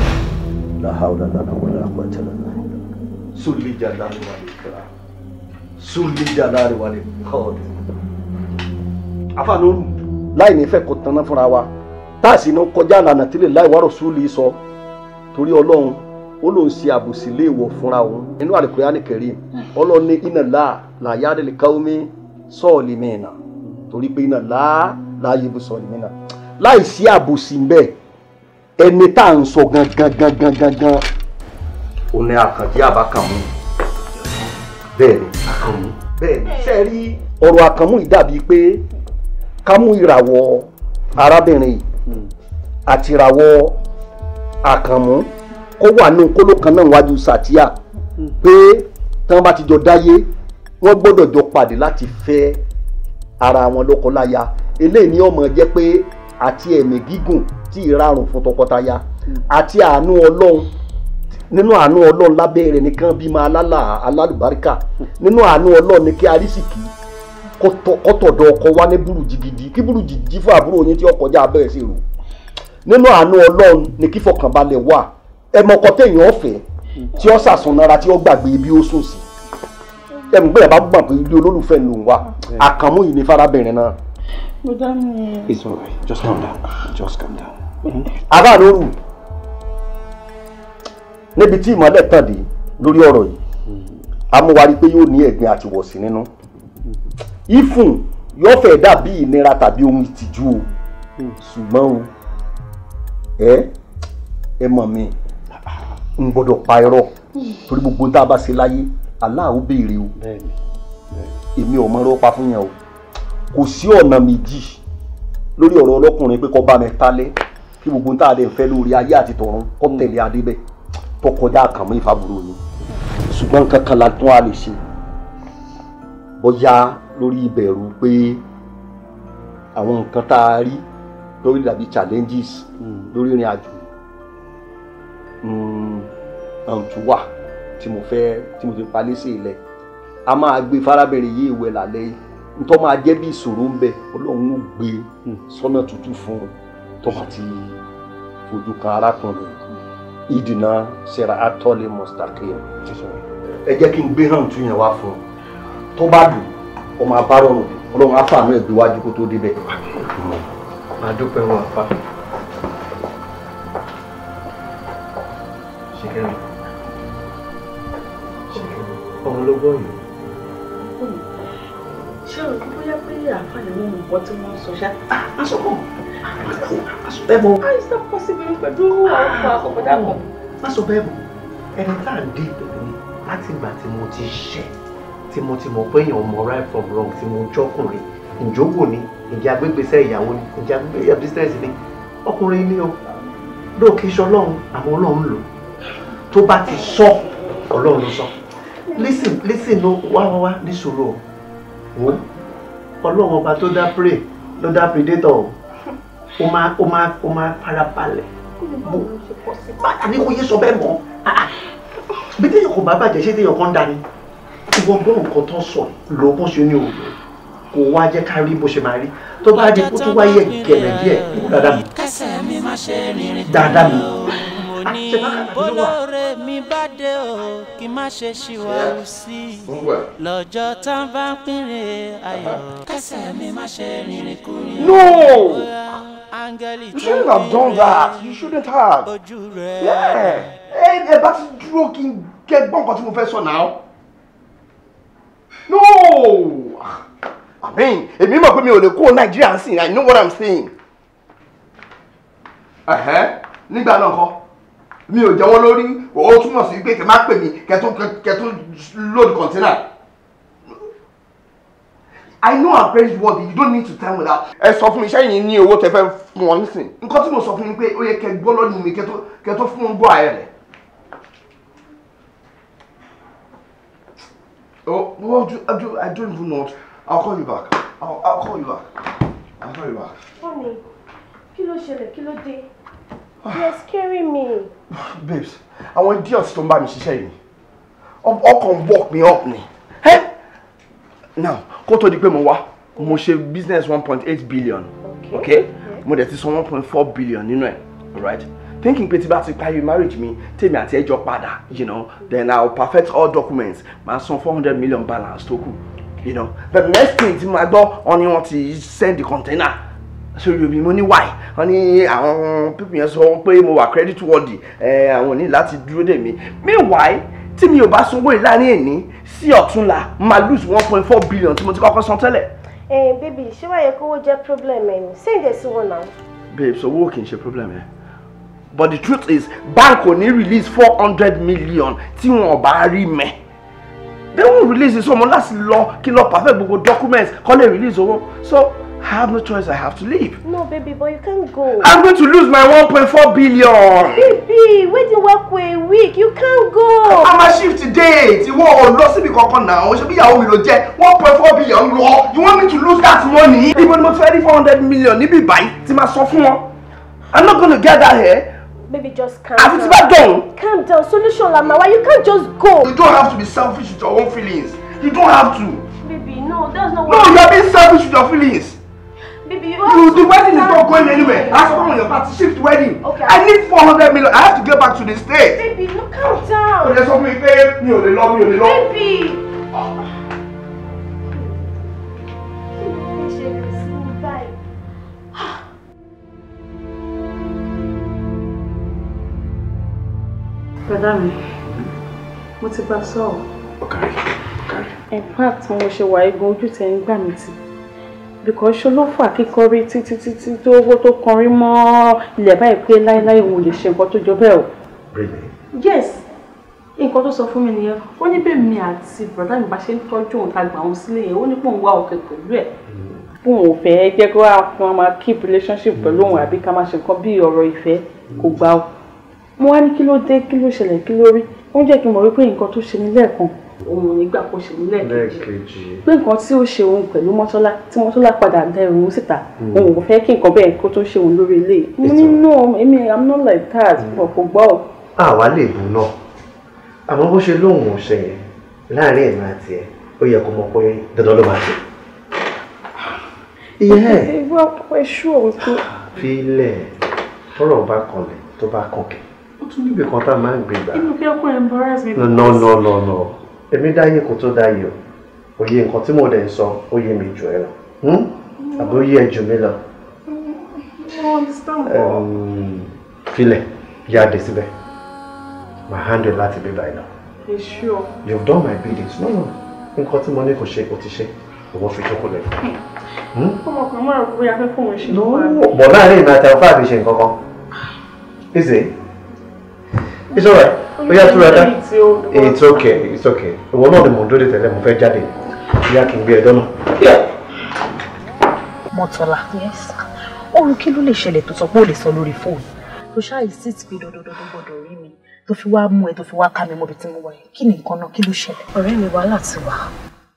la haula lana wala quwwata illa billah sulli jalali wal ikram sulli jalali wal ikram afanoru láì ní fẹ́ kó tanná fúnra wa táàsì náà kọjá àlànà tílé láì wárò súlì sọ torí ọlọ́run ó lòun ṣe àbòsí léèwọ̀ fúnra òun nínú àlùkùránì kẹrìm ọlọ́run ní iná láà làyà àdèlè káwọ́mí sọ́ọ̀lì mìíràn torí pé iná láà láàyè ibùsọ̀ọ̀lì mìíràn láì sí àbòsí ń bẹ ẹni tá à ń sọ gangan gangan gangan. ó ní àkànjí àbákàmú bẹ́ẹ̀ ni àkànmú bẹ́ẹ̀ ni ṣe rí ọ̀rọ̀ àkànmú yìí dàbí pé ká mú ìràwọ̀ arábìnrin yìí àti ìràwọ̀ àkànmú kó wà ní kóló kan náà wájú sàtíà pé tán bá ti jọ dáyé wọ́n gbọ́dọ̀ jọ pàdé láti fẹ́ ara wọn lọ́kọláya eléyìí ni ọmọ jẹ́ pé àti ẹ̀mí gígùn tí ìrarùn fún tọkọtaya àti àánú ọlọ́run nínú àánú ọlọ́run lábẹ́ rẹ̀ nìkan bímọ alálà alálùbáríkà nínú àánú ọlọ́run ni kí arísìkì kọ́tọ̀dọ̀ ọkọ wá ní burújí gidi kí burújí jí fún àbúrò yín tí ó kọjá abẹ́rẹ́ sí rò nínú àánú ọlọ́run ni kí fọkànbalẹ̀ wà ẹmọkọ téèyàn ọ̀fẹ́ tí ó sàsùnnara tí ó gbàgbé ibi ó sùn sí ẹ̀mí gbọ́dọ̀ bá gbọ̀n pé ilé olólùfẹ́ lòun wà àkànmú yìí ni farabìnrin náà Bùdá mi. It's all right. Just calm down. Just calm down. Àbá lóru níbi tí ìmọ̀lẹ̀ tàn dé lórí ọ̀rọ̀ yìí amúwarí pé yóò ní ẹ̀gbin àti wọ̀sí nínú ìfún yóò fẹ́ dàbí ìnira tàbí ohun ìtìjú o ṣùgbọ́n o ẹ ẹ mọ̀ mi n gbọ́dọ̀ pa ẹ̀rọ torí gbogbo tá a bá ṣe láyé aláàó béèrè o èmi ò mọ̀ ọ́ pa fún yẹn o kò sí ọ̀nà méjì lórí ọ̀rọ̀ ọlọ́kùnrin pé kọ́ bá mi talẹ́ kí gbogbo ń tà dé fẹ́ lórí ayé àti tọ̀run kọ́ tẹ̀lé adé bẹ́ẹ̀ tó kọjá àkànmọ́ ìfàbùrù ni ṣùgbọ́n kankan la tún á lè ṣe bóyá lórí ìbẹ̀rù pé àwọn nǹkan tá a rí lórí dàbí challenges hmm. lórí ìrìn àjò hmm, àǹtú wà tí mo fẹ́ tí mo ti palẹ́ sí ilẹ̀ a máa gbé farabẹ̀rẹ̀ yìí ìwẹ̀ lálẹ́ yìí ntọ́ máa jẹ́ bí ìṣòro ń bẹ ọlọ́run ó gbé hmm. sọ́nà tútù fún un tó máa ti fojú kan arákùnrin ìdìnnà sẹ́ra atọ́lé mọ́sítàkìyà ẹ jẹ́ kí n gbé hàn tún yẹn wá fún un tó bá dùn ọ máa bá rọrùn ọlọ́run afáàánú ẹ̀ gbéwájú kó tó débẹ̀. àdúpẹ́ wọn àfa. ṣèkẹ́rù ọmọ ló yìí ṣé o kúkú yẹ pé àǹfààní wọn mọ nǹkan tí wọ́n sọ ṣá. aṣọ kàn aṣọ bẹ́ẹ̀ bọ̀. how is that possible pẹ̀lú àwọn ọkọ̀ àkọ́kọ́dá kan. aṣọ bẹ́ẹ̀ bọ̀ ẹni tá à ń dé ìpẹ̀lú mi láti ìgbà tí mo ti ṣẹ̀ tí mo ti mọ̀ pé èèyàn mọ̀ right from wrong tí mo jọ́kùnrin ìjókòó ni ìjà gbégbèsè ìyàwó ni ìjà gbégbèsè bísíǹsì ni ọkùnrin ni o lóòkè iṣẹ́ ọlọ́run àwọn ọlọ́run lò tó bá ti sọ ọlọ́run ló sọ listen listen no wá wá wá níṣòro o wò ọlọ́run ọba tó dá ló dá predator ó máa ó máa ó máa farabalẹ̀ mo àní kò yé sọ bẹ́ẹ̀ mọ́ ah, ah. bí téèyàn kò bá bàjẹ́ ṣé téèyàn kan dání ìwọ gbọ́ nǹkan tó sọ lò bó ṣe ní òòlù kò wá jẹ́ ká rí bó ṣe máa rí tó bá di kó tó wáyé gẹ̀rẹ́ díẹ̀ dáadáa mi dáadáa mi ní ah, bólóore mi bá dé o kí má ṣe ṣìwàwù sí i lọ́jọ́ tá a bá ń pínre ayọ̀ kẹsẹ̀ mi má ṣe rìnrìn kúrin. no you shouldn't have done that you shouldn't have yeah ẹ bá ti dúró kí n kẹ gbọ́ nǹkan tí mo fẹ́ sọ náà no ah, i mean èmi mọ̀ pé mi ò lè kó nàìjíríà ń sìn i know what i'm saying Uh-huh. nígbà náà kọ́ mi ò jẹ́wọ́ lórí ó túmọ̀ sí pé kẹ má pè mí kẹtún load container. I know I'm very worthy you don't need to tell me that. ẹ sọ fún mi iṣẹ́ yìí ní owó tẹ́fẹ́ fún wọn nísìn. nǹkan tí mo sọ fún mi pé ó yẹ kẹ gbọ́ lọ́dún mi kẹ tó fún gbọ́ ààrẹ rẹ̀. Oh, well, do, I, do, I don't even know. I'll call you back. I'll, I'll call you back. I'll call you back. Mommy, kí ló ṣẹlẹ̀, kí ló dé. You're scaring me. Babes, I want àwọn idiots tó ń bá mi ṣiṣẹ́ yìí ọkàn work me up ni. Now, go to the pé mo wá, business 1.8 billion. Okay? Mo that is san one billion You know, Alright? thinking pé tí bá ti parí marriage me tèmi àti your padà you know then I'll perfect all documents My son 400 million balance tó you know but next thing tí màá only want ni send the container sórí omi mo ní why? wọn ní àwọn pípì yẹn sọ pé mo wà credit worthy ẹ àwọn ní láti dúró dè mí meanwhile tí mi ò bá sanwó yìí láàrin èní sí ọ̀túnla máa lose one point four billion tí mo ti kọ́kọ́ san tẹ́lẹ̀. ẹ bébì ṣé wàá yẹ kówó jẹ́ problem ẹ ní send it sí wọn náà. babe so owó kì í ṣe problem ẹ but the truth is bank ò ní release four hundred million tí wọn ò bá rí mẹ they won't release it so mo láti lọ kí n lọ perfect gbogbo documents kó lè release owó so I have no choice. I have to leave. No, baby, but you can't go. I'm going to lose my 1.4 billion. Baby, wait in work for a week. You can't go. I'm a shift date. You want to lose me kankan now. Ṣé bí ìyàwó mi ló jẹ́ 1.4 billion lọ. You want me to lose that money? Even mo fẹ́ rí 400 million You be buy. màá sọ fún wọn. I'm not going to get that here. Baby, just calm down. Àfi about done. Calm down. Solution la ma You can't just go. You don't have to be selfish with your own feelings. You don't have to. Baby, no, that's not what No, you're being selfish with your feelings you the wedding is not going anywhere that's why when your party shift wedding okay. i need four hundred million i have to get back to the state. baby look calm down. o lè sọ fún mi pé mi ò lè lọ mi ò lè lọ. baby. Bàdá mi, mo ti bá sọ̀rọ̀. Ọ̀kàrí, ọ̀kàrí. In fact, mo ṣe wà igun ojú tẹ̀ ń gbà mí ti because ṣó ló fà kíkọrí títí títí tó owó tó kọrin mọ́ ilẹ̀ báyìí pé láéláé òun lè ṣe nǹkan tó jọ bẹ́ẹ̀ o. Really? Yes nǹkan tó sọ fún mi nìyẹn ó ní bẹ́ẹ̀ mi àti bọ̀dá mi bá ṣe ń tọ́jú òun ta gbà òun sílé yẹn ó ní pòun wá òkè pẹ̀lú ẹ̀ fún hmm. òun fẹ́ jẹ́ kó wá fún ọmọ keep relationship pẹ̀lú òun hmm. àbí ká máa ṣe nǹkan bí ọ̀rọ̀ ìfẹ́ kò gbà ó mo wá ní kí ló dé kí ló ṣẹlẹ̀ kí ló rí ó ń jẹ́ kí n mọ̀ wípé nǹkan tó ṣe ní lẹ́ẹ̀kan òun nígbà kó ṣe ní lẹ́ẹ̀kejì pé nǹkan tí ó ṣe òun pẹ̀lú mọ́tọ́lá tí mọ́tọ́lá padà dá ẹ̀rù síta hmm. òun kò fẹ́ kí nǹkan bẹ́ẹ̀ kó tó ṣe òun lórí ilé mo ní no èmi i'm not like that but hmm. kò gbọ́. àwa lè bù náà àmọ́ bó ṣe lóun ò ṣe yẹn láàrin èmi àti ẹ̀ ó yẹ kó mọ̀ pé dandan ló máa ṣe. ìyẹn ìwé ọkọ ẹṣú òun tó. fílẹ̀ tọrọ bá kanlẹ̀ tó bá kọ̀kẹ́ ó tún níbi kan tá a máa ń gbé gbà. inú kí ọkùnrin embarrass èmi dáyé kò tó dáyé o òye nǹkan tí mo dẹ̀ ń sọ ó yé mi jù ẹ lọ hmm? àbí ó yé ẹ jù mí lọ. filẹ̀ yáde síbẹ̀ my hand will láti bí báyìí lọ. you have done my biddings no no nǹkan tí mo ní kò ṣe kò ti ṣe ìwọ fi jókòó lẹ. Hmm? ọmọkùnrin márùn-ún bóyá fẹ́ ṣe. bọ̀ láàrin ìrìn àtàwọn fáàbì ṣe nǹkan kan it's all right ó yá túra dá it's okay it's okay ìwọ náà ni mò ń dúró tẹ́lẹ̀ mo fẹ́ jáde ìyá kì í gbé ẹjọ́ náà. Mọ́tọ́lá ọ̀run kí ló lè ṣẹlẹ̀ tó sọ pé ó lè sọ lórí fóònù tó ṣáà insist pé dandandan gbọ́dọ̀ rí mi tó fi wá mú ẹ tó fi wá ká mi mọ́bi tí mo wà yìí kí ni nǹkan náà kí ló ṣẹlẹ̀. ọ̀rẹ́ mi wàhálà ti wà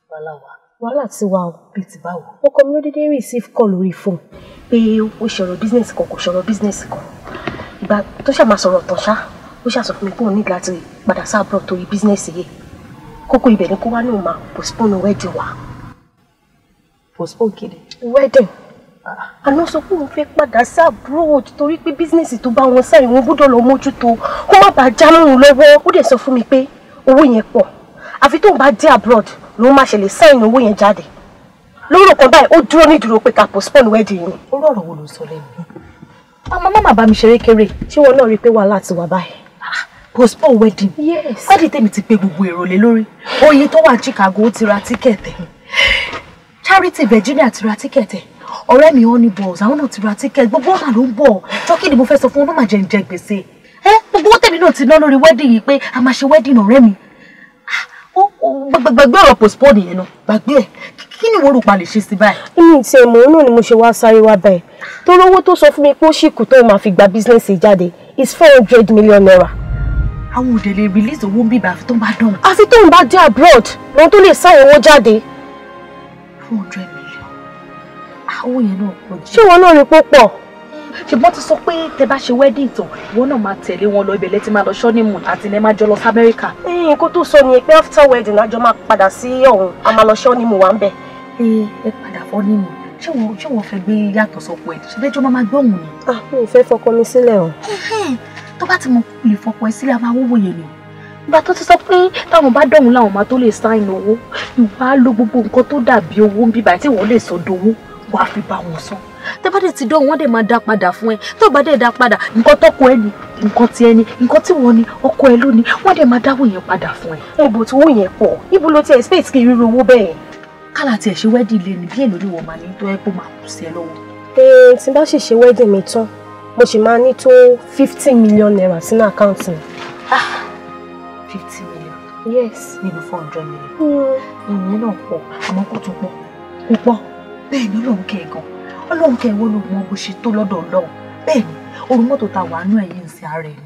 wàhálà wà wàhálà ti wà ó bíi ti báwo. ọkọ mi ló dédé receive call lórí fóònù pé ó ṣọ̀rọ̀ business kan kò ṣọ̀rọ̀ business kan ìgbà tó ṣàmà sọ̀rọ̀ tán ṣáà ó ṣàṣọ fún mi pé òun ní láti padà sáàbùrọ̀ torí bísínẹ́sì yìí kókó ibẹ̀ ni kó wá lóun máa postpone wedding wa. postpone kí wedding ah. àná sọ pé òun fẹ́ padà sáàbùrọ̀ torí pé bísínẹ́sì tó bá wọn sẹ́yìn wọn gbọ́dọ̀ lọ mójútó kó má bàa já mọ́rùn lọ́wọ́ ó dẹ̀ sọ fún mi pé owó yẹn pọ̀ àfi tóun bá dé abroad lòun máa ṣẹlẹ̀ sẹ́yìn owó yẹn jáde lóró kan báyìí ó dúró nídúró pé ká postpone wedding yẹn. ó rọrùn wo ló sọ lẹ́nu. àmọ́ má má bá mi ṣeré kéré ṣé wọn náà rí i pé wàhálà ti wà báyìí postpone wedding. yes wedding me to pay gbogbo èrò lé lórí oye tó wà Chicago ó ti ra tíkẹ̀tẹ̀ charity Virginia ti ra tíkẹ̀tẹ̀ ọ̀rẹ́ mi honey balls àwọn náà ti ra tíkẹ̀tẹ̀ gbogbo ọ̀nà ló ń bọ̀ jọ́kì ni mo fẹ́ sọ fún wọn má jẹ́ ń jẹ gbèsè ẹ gbogbo tèmi náà ti ná lórí wedding yìí pé a máa ṣe wedding ọ̀rẹ́ mi gbàgbé ọ̀rọ̀ postpone yẹn náà gbàgbé ẹ̀ kí ni wọ́n rò pa lè ṣe sí báyìí. inú ti mo náà ni mo ṣe wá sáré wa báyìí tó lówó tó sọ fún mi pé ó ṣì kù tó fi gba bísíǹsì jáde is four hundred million naira How would they release the ń bíbá àfi tó ń bá dán. àfi tó ń bá dé abroad lòun tó lè sáyẹn owó jade? four hundred million How will you know? She ṣé know náà rí She bought ṣùgbọ́n ti sọ pé tẹ bá wedding tán ìwọ náà máa tẹ̀lé wọn lọ be letting my daughter show him. At the jọ lọ sí amẹ́ríkà. ẹyìn kó tó sọ nìyẹn pé after wedding àjọ máa padà sí ọ̀hún a máa lọ honeymoon wà ń bẹ̀. ẹ ẹ padà honeymoon She wọn She wọn fẹ́ gbé to sọpọ ẹ ṣe fẹjọ máa gbọ́ òun ni. ah mi ò fẹ́ fọkọ mi sílẹ̀ tó bá ti mọ kó lè fọpọ ẹ sílẹ̀ a máa wúwo yẹn nìyẹn ìgbà tó ti sọ pé táwọn bá dọ̀hún làwọn máa tó lè sáìn owó ìwà lo gbogbo nǹkan tó dàbí owó ń bíbà tí wọ́n lè sọ dowó wàá fi bá wọn sọ tẹ bá dẹ̀ ti dọ̀hún wọ́n dẹ̀ máa dá padà fún ẹ tó bá dẹ̀ dá padà nǹkan tọkọ ẹ ni nǹkan tiẹ̀ ni nǹkan tí wọ́n ni ọkọ ẹ ló ni wọ́n dẹ̀ máa dáwọ́ yẹn padà fún ẹ. ẹbùn tí owó yẹn pọ̀ ibo ló ti expect kí ríru owó bẹ́ẹ̀. kálá tiẹ̀ ṣe wedding lé ni bí èlò ni wọ́n máa ní tó ẹ mo sì máa ní tó fifteen million naira sínú àkáǹtì mi. ah fifteen million. yes. nínú four hundred million. Hmm. ìyẹn náà pọ̀ àmọ́ kò tún pọ̀. kò pọ̀. bẹ́ẹ̀ ni ọlọ́run kẹ́ ẹ̀ gan ọlọ́run kẹ́ ẹ̀ wọ́n ló mọ bó ṣe tó lọ́dọ̀ ọlọ́run bẹ́ẹ̀ ni orí mọ́tò ta wàá nú ẹ̀yìn sí ara ẹ̀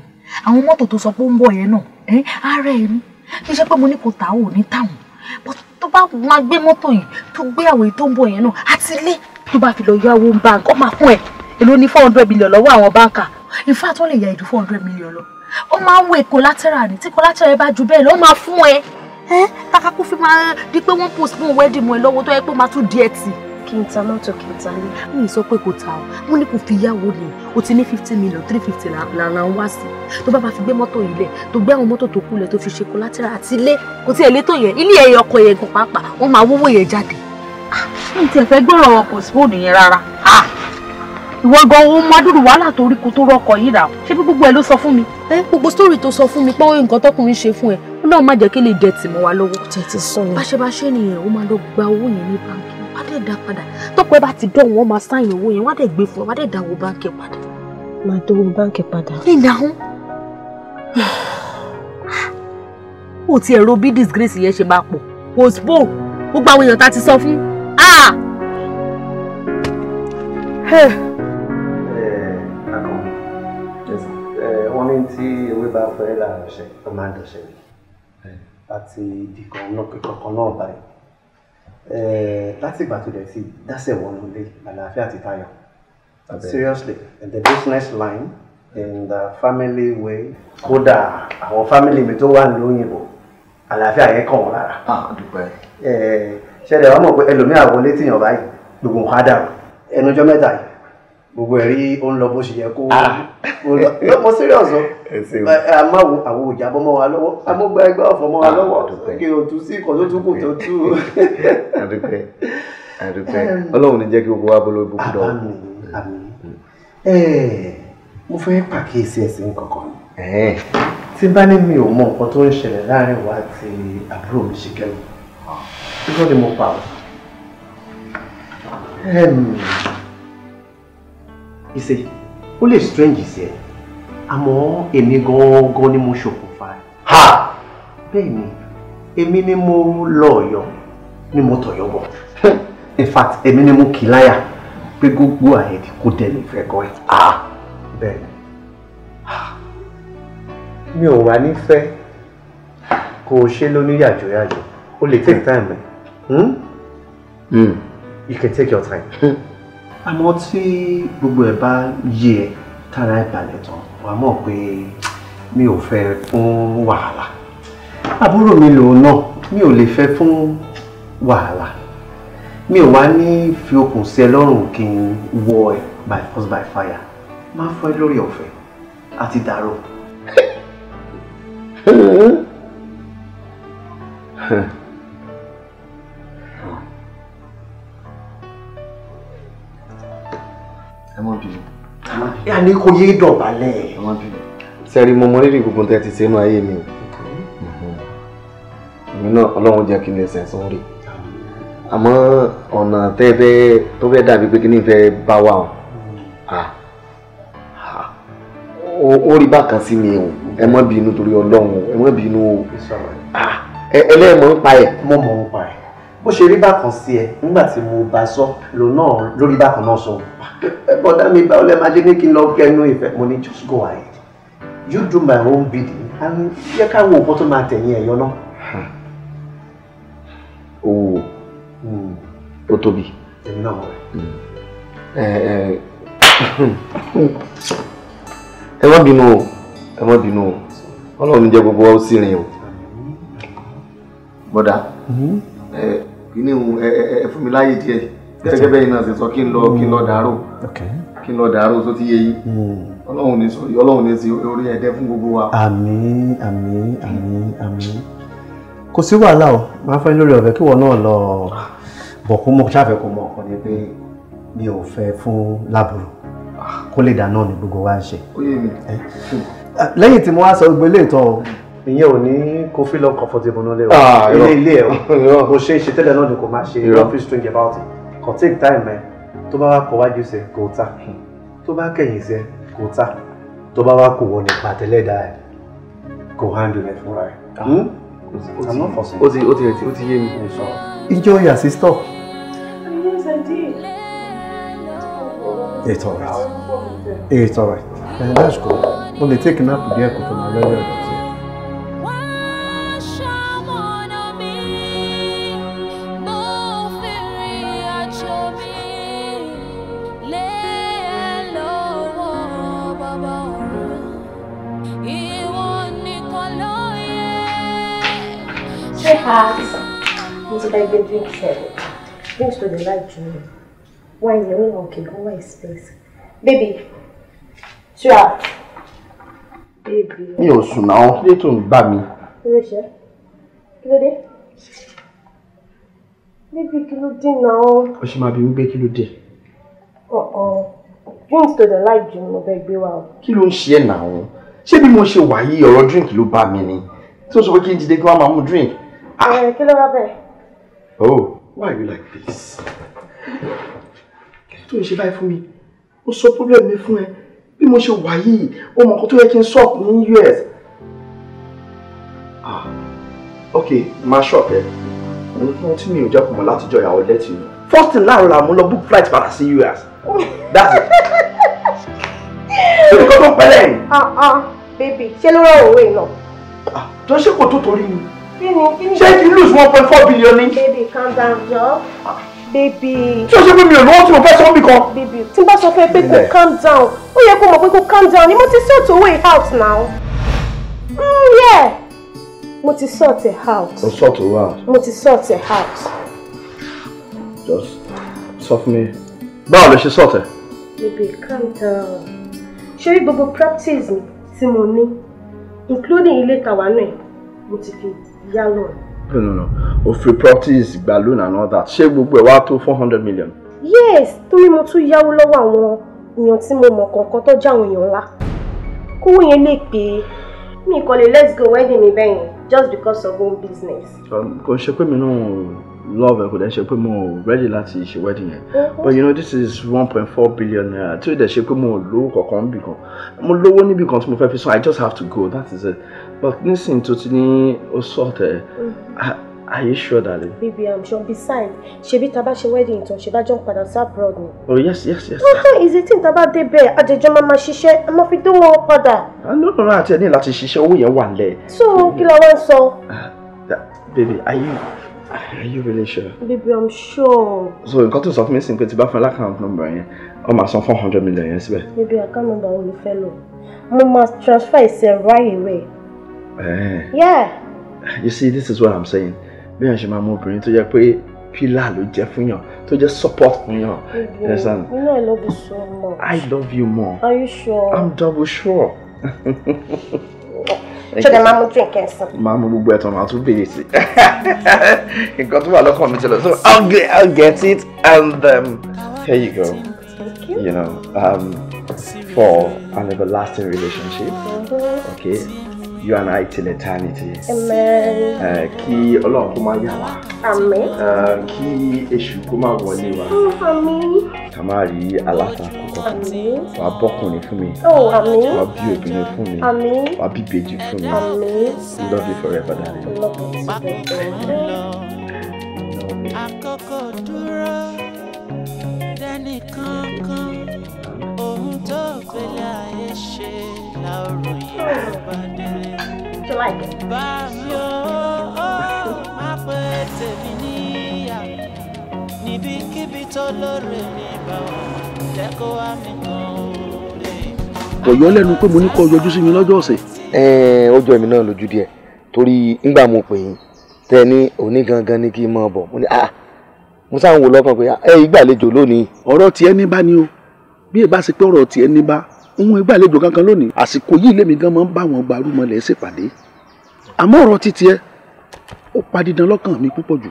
àwọn mọ́tò tó sọ pé ó ń bọ̀ yẹn náà ẹ̀ ara ẹ̀ ni kí ṣe pé mo ní kò tà ó ní táwọn tó bá máa gbé mọ́tò yìí tó gbé àwòrán tó ń bọ̀ yẹn náà àti ilé tó bá fi lọ yọ owó bank ó máa fún ẹ̀ èló ní four hundred million lọ́wọ́ àwọn báńkà in fact wọ́n lè ya ìdú four hundred million lọ ó máa ń wé collateral ní tí collateral bá ju bẹ́ẹ̀ lọ ó máa fún ẹ kàkàkú fi máa di pé wọ́n post mú wedding mọ́ ẹ lọ́wọ́ tó yẹ pé máa tún di ẹtì. kí n ta mọ́tò kí n ta lé. sọ pé kò ta o mo ní kò fi yáwó ni o ti ní fifty million three fifty lànà ń wá sí tó bá bá fi gbé mọ́tò yìí lẹ̀ tó gbé àwọn mọ́tò tó kù lẹ̀ tó fi ṣe collateral àti ilé kò tiẹ̀ lé tó yẹn ilé ẹ̀yọ ọkọ̀ yẹn gan pàápàá wọ́n máa wówó yẹn jáde. Ah, mi ì tiẹ̀ fẹ́ gbọ́rọ̀ ọkọ̀ sípò nìyẹn rárá. Ah! ìwọ gan ohun máa dúró wàhálà torí kò tó rọkọ yìí rà ṣé bí gbogbo ẹ ló sọ fún mi. ẹ gbogbo sítórì tó sọ fún mi pé nǹkan tọkùnrin ṣe fún ẹ ó náà má jẹ́ kí lè dẹ̀tì mọ́ wa lọ́wọ́. tètè sọ ni báṣẹbáṣẹ nìyẹn ó máa lọ gba owó yẹn ní báńkì wá dẹ̀ dá padà tọpọ ẹ bá ti dọ̀hún wọn máa sáyìn owó yẹn wá dẹ̀ gbé fún ẹ wá dẹ̀ dáwó báńkì padà. máa dówó báńkì padà. ìdáhùn ó ti ẹ̀rọ bí disgrace yẹn ṣe máa pọ̀ postpo gbogbo àwọn èèyàn ta ti sọ fún. Ah! tí ewé bá fẹ́ láàrin ọ̀sẹ̀ ó máa ń dọ̀sẹ̀ ni láti di kankan náà báyìí eh, láti ìgbà tó dẹ̀ ti dásẹ̀ wọnú àlàáfíà ti tayọ seriously the business line in the family way kódà àwọn family mi tó wà ní òyìnbó àlàáfíà yẹn kàn wọ́n lára ah, eh, ṣẹlẹ̀ wọ́n mọ̀ pé ẹlòmíà wọlé tìyàn báyìí gbogbo nǹkan á dàrú ẹnujọ́ mẹ́ta yìí gbogbo ẹ̀rí ó ń lọ bó ṣe yẹ kó ah. lọ mọ serious o àmọ́ àwọn òjà bọ́ mọ́ wa lọ́wọ́ amúgbà ah. ẹgbẹ́ ọ̀fọ̀ mọ́ wa ah, lọ́wọ́ kí o tún sí ìkọ̀ tó tún kù tó tú. àdúpẹ́ àdúpẹ́ ọlọ́run ní jẹ́ kí gbogbo wa bọ́ lórí gbogbo dọ̀. àmín àmín hmm. mo fẹ́ pàkíyèsí ẹ̀sìn kankan tí bá ní mi ò mọ nǹkan tó ń ṣẹlẹ̀ láàrin wa àti àbúrò mi ṣe kẹ́lu kíkọ́ ìṣe ó lè strange sí ẹ àmọ́ èmi gangan ni mo ṣokùnfà ẹ. ha bẹ́ẹ̀ ni èmi ni mo lọ ọ̀yọ́ ni mo tọ̀yọ́ bọ̀ in fact èmi ni mo kì í láyà pé gbogbo àyẹ̀dì kò dẹnu ìfẹ́ gan ẹ. ah bẹ́ẹ̀ ni mi ò wá nífẹ̀ẹ́ kò ṣe lóní yàjòyàjò o lè take time ẹ. Mm? Mm. You can take your time. Hmm àmọ́ tí gbogbo ẹ̀ bá yé ẹ tára ẹ̀ balẹ̀ tán wàá mọ̀ pé mi ò fẹ́ fún wàhálà àbúrò mi lòun náà mi ò lè fẹ́ fún wàhálà mi ò wá ní fi okùn sí ẹ lọ́rùn kí n wọ ẹ by force by fire máa fọ ẹ lórí ọ̀fẹ́ àti dàrú. má bínú. ẹ ní kò yé dọ̀bálẹ̀. ẹ má bínú. sẹ́rí mo mọ rírì gbogbo tẹ́ ti ṣe inú ayé mi o. Mm-hmm. èmi náà ọlọ́run jẹ́ kí n lè sẹ̀ sórí. àmọ́ ọ̀nà tẹ́ fẹ́ tó fẹ́ dàbí pé kí ni fẹ́ bá wa o. Mm. ó rí bákan sí mi o ẹ má bínú torí ọlọ́run ẹ má bínú o. ẹ ẹ lẹ́ẹ̀mọ́ ń pa ẹ̀. mo mọ̀ ń pa ẹ̀ bó ṣe rí bákan sí ẹ nígbà tí mo bá sọ lòun náà lórí bákan náà sọ bọ́dá mi bá ọlẹ́ máa jẹ́ ní kí n lọ kẹnu ìfẹ́ mo ní just go ahead you do my own bidding and yẹ ká wo nǹkan tó máa tẹ̀yìn ẹ̀yọ́ náà. owó ó tóbi. èmi náà mọ̀ rẹ̀. ẹ má bínú o ẹ má bínú o ọlọ́run ní jẹ́ gbogbo ọ sí rìn o bọ́dá. 哎。Uh kíní ẹ fún mi láyè díẹ̀ gẹ́gẹ́ bẹ́ẹ̀ náà ṣe sọ kí n lọ kí n lọ dàárò kí n lọ dàárò tó ti yé yín hmm. ọlọ́run ní sọ ọlọ́run ní sí orí ẹ̀dẹ́ fún gbogbo wa. àmín àmín àmín àmín kò sí wàhálà o máa fẹ́ lórí ọ̀fẹ́ kí wọ́n náà lọ bọ̀ kó mọ̀ ṣáfẹ́ kó mọ̀ ọ̀kan ni pé mi ò fẹ́ fún lábúrò kó lè dáná ni gbogbo wa ń ṣe. lẹ́yìn tí mo wá sọ gbogbo ilé ìtọ́ ìyẹn ò ní kó feel uncomfortable náà lẹ́wọ̀ ah, ilé ilé ẹ̀ o kò ṣe é ṣe tẹ́lẹ̀ náà ni kò máa ṣe don't feel strange about it kò take time ẹ tó bá wá kọ wájú sẹ kò ta tó bá kẹ̀yìn sẹ kò ta tó bá wá kò wọ nípa àtẹlẹ́dà ẹ kò handle ẹ fúnra ẹ. o ah. hmm? ti o ti o ti yé mi. enjoy your sister. yes i did. it's alright it's alright and eh, that's good o lè take nap díẹ̀ kó tó máa lọ́wọ́ ẹ̀. I get drinks here? Drinks to the light, you Why in your okay, go my space. Baby, sure. Baby. Mi ò sùn náà, kí ló tó ń gbà mí? Kí ló ṣe? Kí ló dé? Baby, kí ló dé náà? O ṣe máa bí mi pé kí ló drinks to the light, you know, bẹ́ẹ̀ gbé wa o. Kí ló ń ṣe ẹ̀ náà? Ṣé bí mo ṣe wà yìí ọ̀rọ̀ drink ló bá mi ni? Tí o sọ pé kí n dìde drink? Ẹ ah! eh, kí ló wá Oh, why are you like this? Kí ló ń ṣe báyìí fún mi? Mo sọ problem mi fún ẹ. Bí mo ṣe wà yìí, ó mọ nǹkan tó yẹ in n US. Ah, okay, máa ṣọ̀p ẹ. Mo ní kí wọ́n tí mi ò jẹ́ I will let you know. First thing láàárọ̀ làwọn lọ book flight padà sí US. That's it. Ṣé nǹkan tó Ah ah, baby, shall we go away now? Ah, jọ ṣé kò tó torí ṣé kí lose one point four billion baby calm down Joe. baby. So, o ṣe me mi ò lọ́wọ́ tí mo become? baby tí n bá sọ calm down ó yẹ kó mọ̀ pé calm down ni must sort owó way out now. Hmm. yeah. Must sort it house. mo sort owó out. mo sort it house. just Soft me. mi let's sort it. baby calm down Shall we go practice mi tí including Ile tàwa náà mo yá lónìí. no no no òfin properties gba loan and all that ṣé gbogbo ẹ̀ wá tó four hundred million. yes torí mo tún yáwó lọ́wọ́ àwọn èèyàn tí mo mọ̀ kọ̀ọ̀kan tó jẹ́ àwọn èèyàn ńlá kówó yẹn lè pé mi kàn lè let's go wedding mi bẹ́ẹ̀ just because of own business. Um, kò ṣe pé mi náà love kò dẹ̀ ṣe pé mo ready láti she wedding yẹn uh-huh. but you know this is one point four billion naira tí ó dẹ̀ ṣe pé mo lówó kankan níbì kan mo lówó níbì kan tí mo fẹ́ fi I just have to go that is it But listen to Tini Osote. Are you sure, darling? Baby, I'm sure. Besides, she tá bá she wedding tán, She bá jump ń padà sí abroad ni. Oh, yes, yes, yes. Wọ́n is it in tá bá dé bẹ́ẹ̀, àjẹjọ́ máa ma ṣiṣẹ́, a máa do dán wọn padà. Àná ah, no, no, ẹni láti ṣiṣẹ́ owó yẹn wà lẹ̀. So, kí la wá ń sọ? Ah, baby, are you are you really sure? Baby, I'm sure. So, nǹkan tó sọ fún mi sì ń pé tí bá fún ẹ lákàntì nọ́mbà yẹn, ọ máa san hundred million yẹn síbẹ̀. Baby, àkáǹtì nọ́mbà wo ló fẹ́ lò? Mo máa transfer ìṣẹ̀ right away. Eh. Yeah. You see, this is what I'm saying. Bí wọ́n ṣe máa mú obìnrin tó jẹ́ pé pillar ló jẹ́ fún yàn tó jẹ́ support fún yàn. you know I love you so much. I love you more. Are you sure? I'm double sure. Ṣọ́dẹ̀ máa mú drink ẹ̀ sàn. Máa mú gbogbo ẹ̀tàn máa tún béèrè sí. Nǹkan tó wà lọ́kàn mi ti lọ. So I'll get, I'll get it and um, here you go. you. know, um, for an everlasting relationship. Mm-hmm. Okay you and I till eternity. Amen. Uh, kí Ọlọ́run kó máa yà wá. Àmín. Uh, eh, kí èṣù kó máa wọlé wa. Àmín. Oh, Ká máa rí alátakò kankan. Àmín. Wàá bọ́kùnrin fún mi. Oh, àmín. Wàá bí obìnrin fún mi. Àmín. Wàá bí ìbejì fún mi. Àmín. Love you forever, darling. I dúró dẹ́nìkan kan ohun tó fẹ́lẹ́ ayé ṣe. you like lẹ́nu pé mo ní kó yọjú sí mi lọ́jọ́ ọ̀sẹ̀. ó jọ èmi náà lójú díẹ̀ torí ńgbà mo pè yín tẹ ní òní gangan ni kí n máa bọ̀ mo ní ah mo sáà ń wo lọ́kàn pé ah, ẹ ìgbàlejò lónìí. ọ̀rọ̀ tiẹ̀ ní bá ni o bí ẹ bá ṣe pé ọ̀rọ̀ tiẹ̀ ní bá òun ìgbàlejò kankan lónìí àsìkò yìí lèmi gan máa ń bá wọn gbarúmọlẹ̀ ṣèpàdé àmọ́ ọ̀rọ̀ títí ẹ ó padidan lọ́kàn mi púpọ̀ jù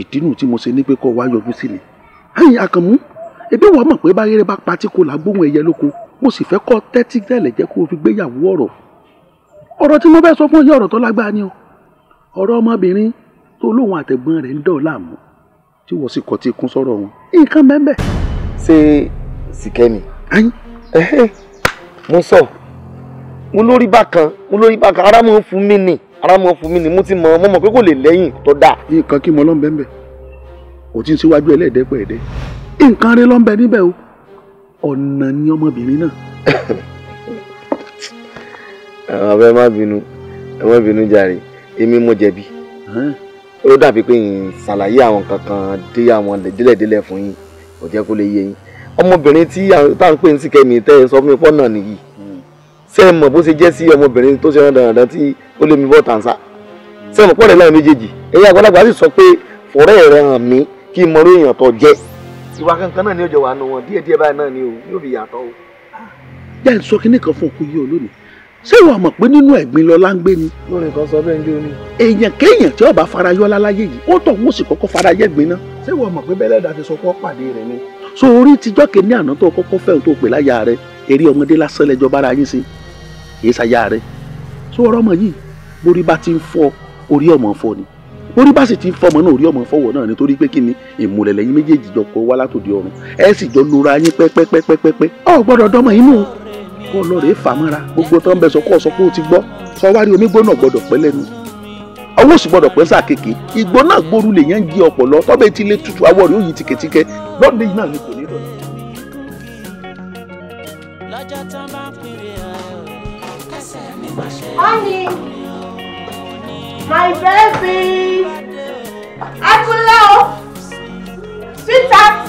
ìdínú tí mo ṣe ní pé kọ́ wa yọjú sí mi. ẹ̀yin àkànmú ebi wàá mọ̀ pé báyẹ̀rẹ̀ bá patí kò lágbóhùn ẹ̀yẹ lóko mo sì fẹ́ kọ́ tẹ́tí tẹ́lẹ̀ jẹ́ kó o fi gbéyàwó ọ̀rọ̀ ọ̀rọ̀ tí mo fẹ́ sọ fún yẹ ọ̀rọ̀ tó lágbára ni o ọ̀rọ̀ ọmọbìnrin tó lóun àtẹ̀gbọ́n rẹ̀ ń dọ̀ láàmú tí wọ́n sì kọ́ ti kún sọ́rọ̀ wọn nǹkan bẹ́ẹ̀ bẹ́ẹ̀. ṣé sìkẹ́ni. ayín mo sọ mo lórí bákan mo lórí bákan ara mo ń fún mi nì ara mo ń fún mi nì mo ti mọ mo mọ pé kò lè lẹ́yìn tó dáa. nǹkan kí mo lọ́n bẹ́ẹ̀ bẹ́ẹ̀ ò ti ń síwájú ẹlẹ́ẹ̀dẹ́gbẹ̀ ẹ̀dẹ́ nǹkan rẹ lọ́n bẹ níbẹ̀ o ọ̀nà ni ọmọbìnrin náà. àwọn abẹ́ má bínú ẹ má bínú jàre èmi mo jẹ̀bi ó dàbí pé ṣàlàyé àwọn kankan dé àwọn délẹ̀délẹ̀ fún yín kò jẹ́ kó lè yé yín ọmọbìnrin tí táwọn pè ní sìkẹ́mi tẹ́ ẹ sọ fún mi pọ́ náà nìyí ṣé ẹ mọ̀ bó ṣe jẹ́ sí ọmọbìnrin tó ṣe dandan tí ó lé mi bọ́ tàǹsà ṣé ẹ mọ̀ pọ́nrẹ́ láì méjèèjì ẹ̀yin àgbàlagbà sì sọ pé fọ̀rẹ́ rẹ hàn mí kí n mọ orí èèyàn tó jẹ́. ìwà kankan náà ni ó jọ wà nù wọn díẹ̀ díẹ̀ báyìí náà ni o yóò fi yàtọ̀ o. jẹ́ ìsọ kínní kan fún òkú yìí olónìí ṣé wàá mọ̀ pé nínú ẹ̀gbin lọ́lá ń gbé ni. lórí kan sọ bẹ́ẹ̀ ń jó ni. èèyàn kéèyàn tí ó bá farayọ́ láláyé yìí ó tọ̀ wọ́n sì kọ́kọ́ farayẹ́gbin náà. ṣé wàá mọ̀ pé bẹ́lẹ́dà ti sọ pé ó rẹ̀ ni so orí tíjọ́ kìíní àná tó kọ́kọ́ fẹ́ tó pè láyà rẹ eré ọmọdé lásán lẹ́jọ́ bára yín sí èyí sáyà rẹ so ọ̀rọ̀ ọmọ yìí borí bá ti ń fọ orí ọmọ fọ ni borí bá sì ti ń fọmọ náà orí ọmọ fọwọ́ náà nítorí pé kí ni ìmùlẹ̀lẹ̀ yín méjèèjì jọ kọ wá látòdì ọ̀run ẹ sì jọ lura yín pẹ́pẹ́pẹ́pẹ́pẹ́ ọ gbọ́dọ̀ dọ́mọ inú kọ́ lọ rèé fàmọ́ra gbogbo tó ń bẹ sọ kọ́ ọ sọ pé ó ti gbọ́ sọ wá rí onígbóná gbọ́dọ̀ pẹ́ lẹ́nu owó sì gbọdọ̀ pẹ́ sáà kéèké ìgbó náà gbóru lè yẹn ń jí ọpọlọ tọ́bẹ̀ tí ilé tutù awọ rẹ̀ ó yí tìkẹ́tìkẹ́ lónìí yìí náà ni kò ní ìrọ̀lẹ́. honey my baby akunlẹ o sweetheart.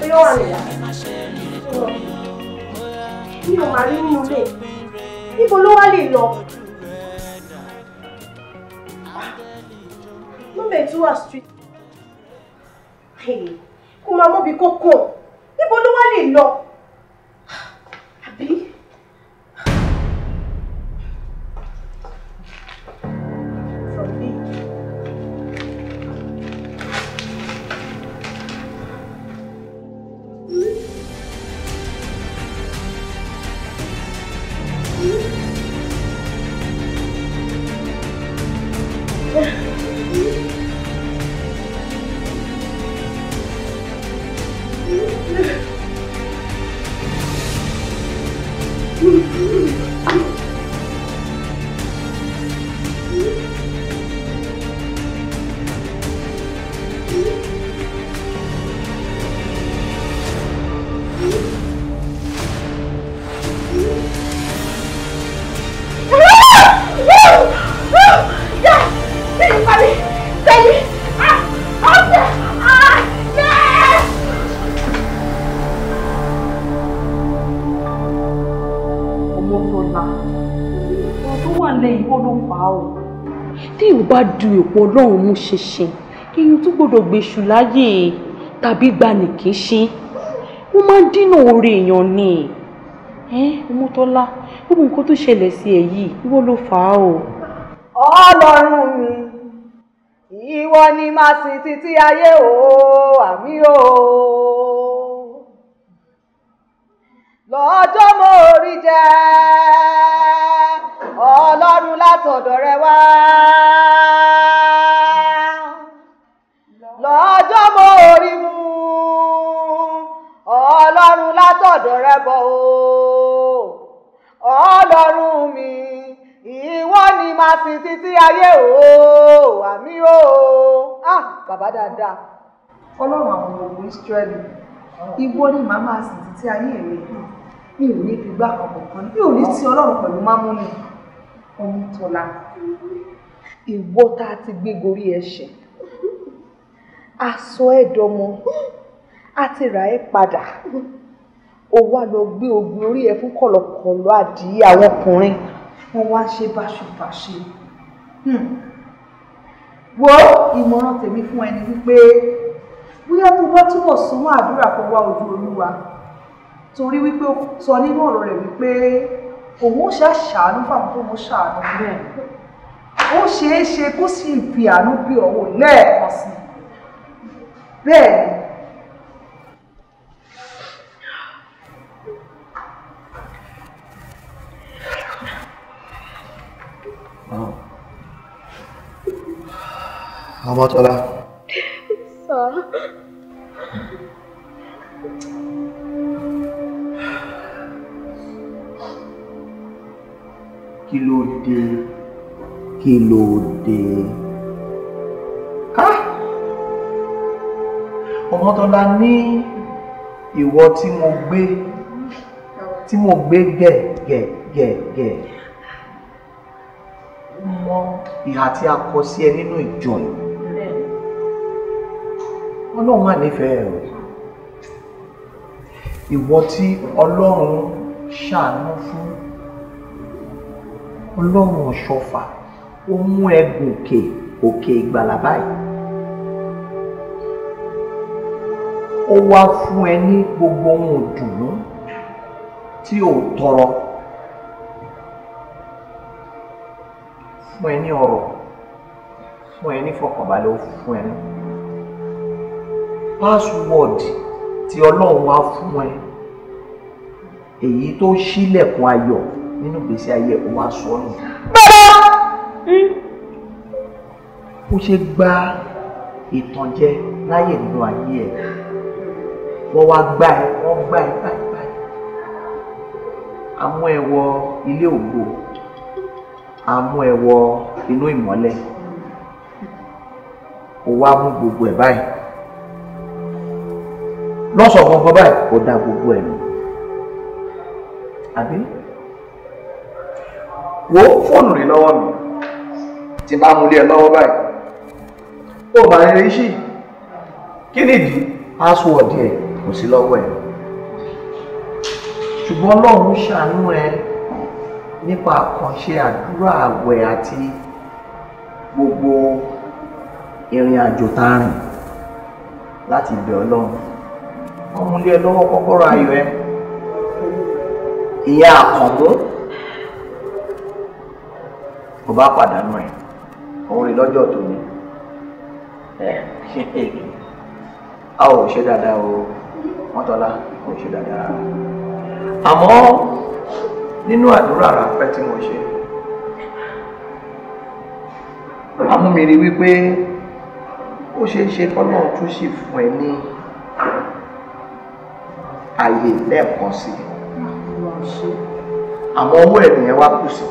bóyá wà ní ìyá mi ò máa rí nínú ilé níbo ló wá lè lọ. Move it to a street kó máa mọ́bi kókó níbo ló wá lè lọ àbí. pa ọ̀rọ̀ tó wà lẹ́ ìwọ ló pa ọ́ tí ìwọ bá du èpò ọlọ́run mú ṣinṣin èyí tó gbọdọ̀ gbèṣù láyè tàbí gbanì kì í ṣe wọ́n máa ń dínà oore èèyàn ni ọmọtọ́lá gbogbo nǹkan tó ṣẹlẹ̀ sí ẹ yìí ìwọ ló fà á o. ọlọ́run mi ìwọ ni màá sìn títí ayé o àmì o lọ́jọ́ mo rí jẹ́ ọlọ́run látọ̀dọ̀ rẹ wá. lọ́jọ́ mo rí mu ọlọ́run látọ̀dọ̀ rẹ bọ̀ o ọlọ́run mi ìwọ ni màá sìn títí ayé o àmì o ah bàbá dáadáa. ọlọ́run àwọn ọmọ ogun Ísírẹ́lì ìwọ ni màá máa sìn títí ayé rẹ mi ò ní fi gbá kankan mi ò ní tí ọlọ́run pẹ̀lú má mú mi ọmọ tọ́lá ìwọ tá a ti gbé gorí ẹsẹ̀ aṣọ ẹ̀dọ́mọ a ti rà ẹ́ padà ó wá lọ gbé ogun orí ẹ fún kọ̀lọ̀kọ̀lọ̀ adìyẹ àwọn ọkùnrin wọ́n wá ṣe báṣubàṣe hmm. wo ìmọ̀ràn tèmi fún ẹni wípé bóyá tó bá túbọ̀ súnmọ́ àdúrà kó wá ojú olúwa torí wípé ó sọ nínú ọ̀rọ̀ rẹ̀ wípé òun ó ṣe àṣàánú fáwọn tó ń ṣàánú bẹ́ẹ̀ ó ṣeé ṣe kó sì fi àánú bí ọ̀wọ̀ lẹ́ẹ̀kan sí bẹ́ẹ̀ ni Amatola. Sir. Hmm. kí ló dé kí ló dé ọmọtọ́lá ní ìwọ tí mo gbé tí mo gbé gẹ̀gẹ̀gẹ̀ mọ ìhà tí a kọ sí ẹ nínú ìjọ yìí ọlọ́run má nífẹ̀ẹ́ rẹ̀ ìwọ tí ọlọ́run ṣàánú fún ọlọ́run ọ̀ṣọ́fà ó mú ẹ gòkè òkè ìgbàlà báyìí ó wá fún ẹ ní gbogbo ohun ìdùnnú tí ò tọrọ fún ẹ ní ọrọ̀ fún ẹ ní fọkànbalẹ̀ ó fún ẹ ní password tí ọlọ́run wá fún ẹ èyí tó ṣílẹ̀kùn ayọ̀ nínú ìgbésí ayé ẹ̀ wá sọ nù. bàbá hmm? ó ṣe gba ìtànjẹ láyè nínú ayé ẹ̀ wọ́n wá gbá ẹ wọ́n gbá ẹ báyìí báyìí àmú ẹ wọ ilé ògbó àmú ẹ wọ inú ìmọ́lẹ̀ ó wá mú gbogbo ẹ̀ báyìí lọ́sọ̀ọ́ gbọ̀ngàn báyìí ó da gbogbo ẹ̀ nù àbí wo fóònù rẹ lọ́wọ́ mi tí bá mú lé ẹ lọ́wọ́ báyìí ó máa ń rí sí kí nìdí pásíwọ̀dì ẹ kò sí lọ́wọ́ ẹ ṣùgbọ́n ọlọ́run ṣàánú ẹ nípa àkànṣe àdúrà àwẹ̀ àti gbogbo ìrìn àjò tá a rìn láti bẹ̀ ọlọ́run wọ́n mú lé ẹ lọ́wọ́ kọ́kọ́rọ́ ayọ̀ ẹ ìyá àkànbó o bá pàdánù ẹ̀ òun rí lọ́jọ́ tó ní a ò ṣe dáadáa o wọ́n tọ́lá ò ṣe dáadáa àmọ́ nínú àdúrà rápẹ́ tí mo ṣe amúmiri wípé ó ṣeé ṣe kọ́nà tún sì fún ẹ ní àyè lẹ́ẹ̀kan sí àmọ́ owó ẹ̀ nìyẹn wá kù sí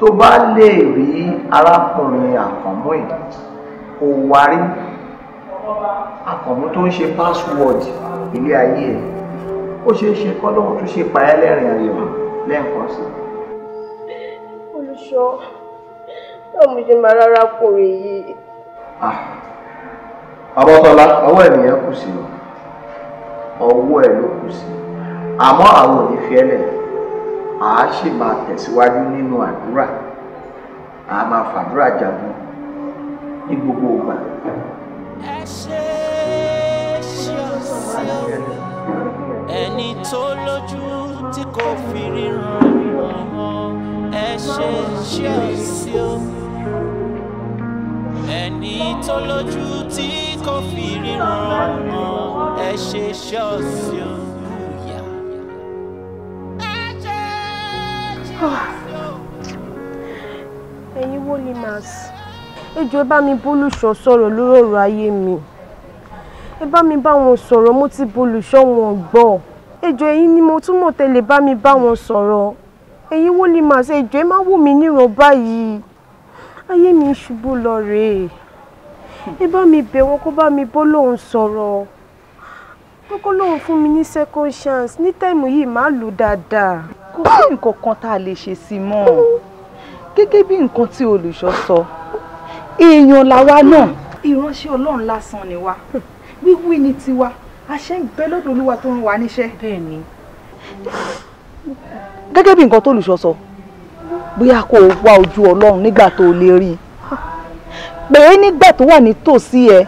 tó bá lè rí arákùnrin àkànmú ẹ̀ kò wárí àkànmú tó ń ṣe password ilé ayé ẹ̀ ó ṣeé ṣe kọ́ lóhun tó ṣe pa ẹ́ lẹ́rìn ayọ̀ lẹ́ẹ̀kan sí. olùṣọ́ báwo mo ṣe máa rárá kùnrin yìí. àbọ̀tọ́lá ọwọ́ ènìyàn kù sí ọwọ́ ẹ̀ ló kù sí àmọ́ àwọn ò ní fi ẹ́ lẹ̀ a ṣì máa tẹ̀síwájú nínú àdúrà a máa fàdúrà jagun ní gbogbo ìgbà. ẹni tó lójú tí kò fi ríran ẹ ṣe ṣe ọ̀sẹ̀ ẹni tó lójú tí kò fi ríran ẹ ṣe ṣe ọ̀sẹ̀. Ah. ẹ̀yin wòlímàs ẹ jọ̀ọ́ ẹ bá mi bólúṣọ sọ̀rọ̀ lórí ọ̀rọ̀ ayé mi ẹ bá mi bá wọn sọ̀rọ̀ mo ti bólúṣọ wọn gbọ́ ẹ jọ̀ọ́ ẹ̀yin ni mo túmọ̀ tẹ́lẹ̀ bá mi bá wọn sọ̀rọ̀ ẹ̀yin wòlímàs ẹ jọ̀ọ́ ẹ má wù mí níràn báyìí ayé mi ṣubú lọ rèé ẹ bá mi bẹ̀ wọ́n kó bá mi bó lóun sọ̀rọ̀ kókó lóun fún mi ní second chance ní táìmù yìí má lù dáadáa kò sí nǹkan kan tá a lè ṣe sí mọ́ ọ gẹ́gẹ́ bí nǹkan tí olùṣọ́ sọ èèyàn làwa náà ìránṣẹ́ ọlọ́run lásán ni wa wíwí ni tiwa àṣẹ ń bẹ lọ́dọ̀ olúwa tó ń wà níṣẹ́. bẹ́ẹ̀ ni. gẹ́gẹ́ bí nǹkan tó olùṣọ́ sọ bóyá kó o wá ojú ọlọ́run nígbà tó o lè rí i pè é nígbà tó wà nítòsí ẹ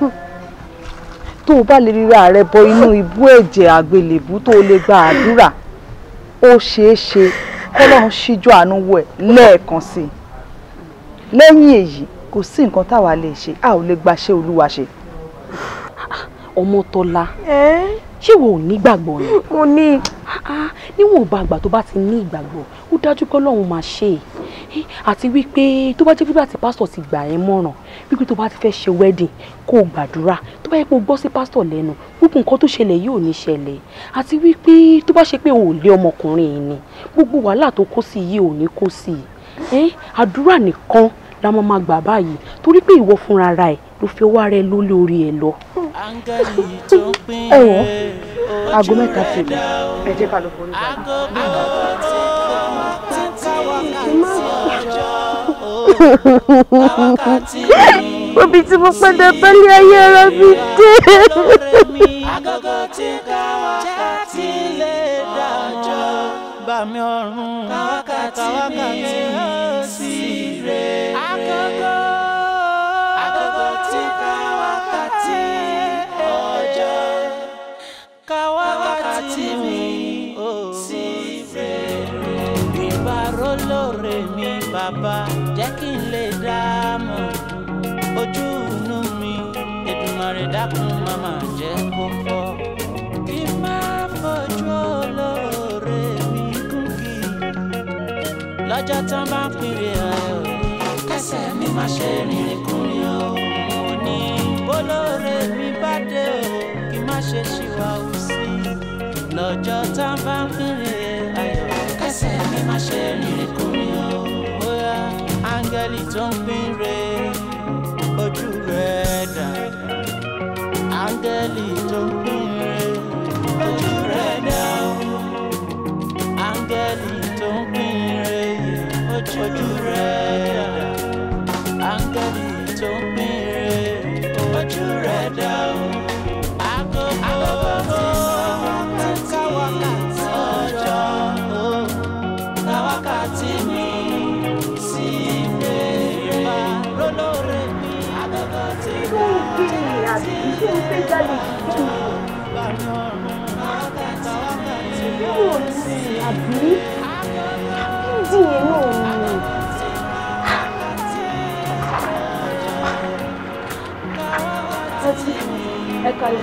tó o bá lè ríra rẹ bọ inú ibú ẹ̀jẹ̀ àgbélébú tó o lè gba àdúrà ó ṣeé ṣe kọ́lọ́run ṣíjú àánú wò ẹ̀ lẹ́ẹ̀kan sí i lẹ́yìn èyí kò sí nǹkan táwa lè ṣe a ò lè gbaṣẹ́ olúwa ṣe. ọmọtọ́lá ṣé wo ò nígbàgbọ́ ni. mo ní. Ah, ah, níwọ̀n ìgbàgbà tó bá ti ní ìgbàgbọ́ ó dájú kọ́lọ́run máa ṣe é àti wípé tó bá jẹ́ pé àti pásítọ̀ ti gbà ẹ́ mọ̀ràn wípé tó bá ti fẹ́ ṣe wedding kó o gbàdúrà tó bá yẹ pé o gbọ́ sí pásítọ̀ lẹ́nu gbogbo nǹkan tó ṣẹlẹ̀ yóò ní ṣẹlẹ̀ àti wípé tó bá ṣe pé o ò lé ọmọkùnrin yìí ni gbogbo wàhálà tó kó sí yìí ò ní kó sí i àdúrà nìkan la máa máa gbà báyìí torí pé ìwọ fúnra ra ẹ̀ ló fi ọwọ́ rẹ lólé orí ẹ lọ. ẹ wọ aago mẹ́ta ti lù ẹ jẹ́ ká lọ forí balẹ̀. Obi tí mo padà bálé ayé ara mi dé. Agogo tí ká wákàtí lè dájọ́. Bàmí ọ̀run wákàtí mi ò sí rè. Agogo agogo ká wákàtí ọjọ́. Ká mi ò sí rè. Ìbárò lóore mi bàbá jẹ́ kí n lè dá mọ̀ ojú inú mi Èdùmàrè dákun màmá jẹ́ kó kí n má fojú olóore mi kúkì lọ́jọ́ tán bá ń pinre ayọ̀ kẹsẹ̀ mi má ṣe rìnrìn kúrin o mo ní bólóore mi bá dé o kí n má ṣe ṣìwà òsì lọ́jọ́ tán bá ń pinre ayọ̀ kẹsẹ̀ mi má ṣe rìnrìn kúrin áńgẹ́lì tó ń pínre ojú rẹ̀ dà áńgẹ́lì tó ń pínre ojú rẹ̀ dà. yẹn náà ni. ẹ kalẹ̀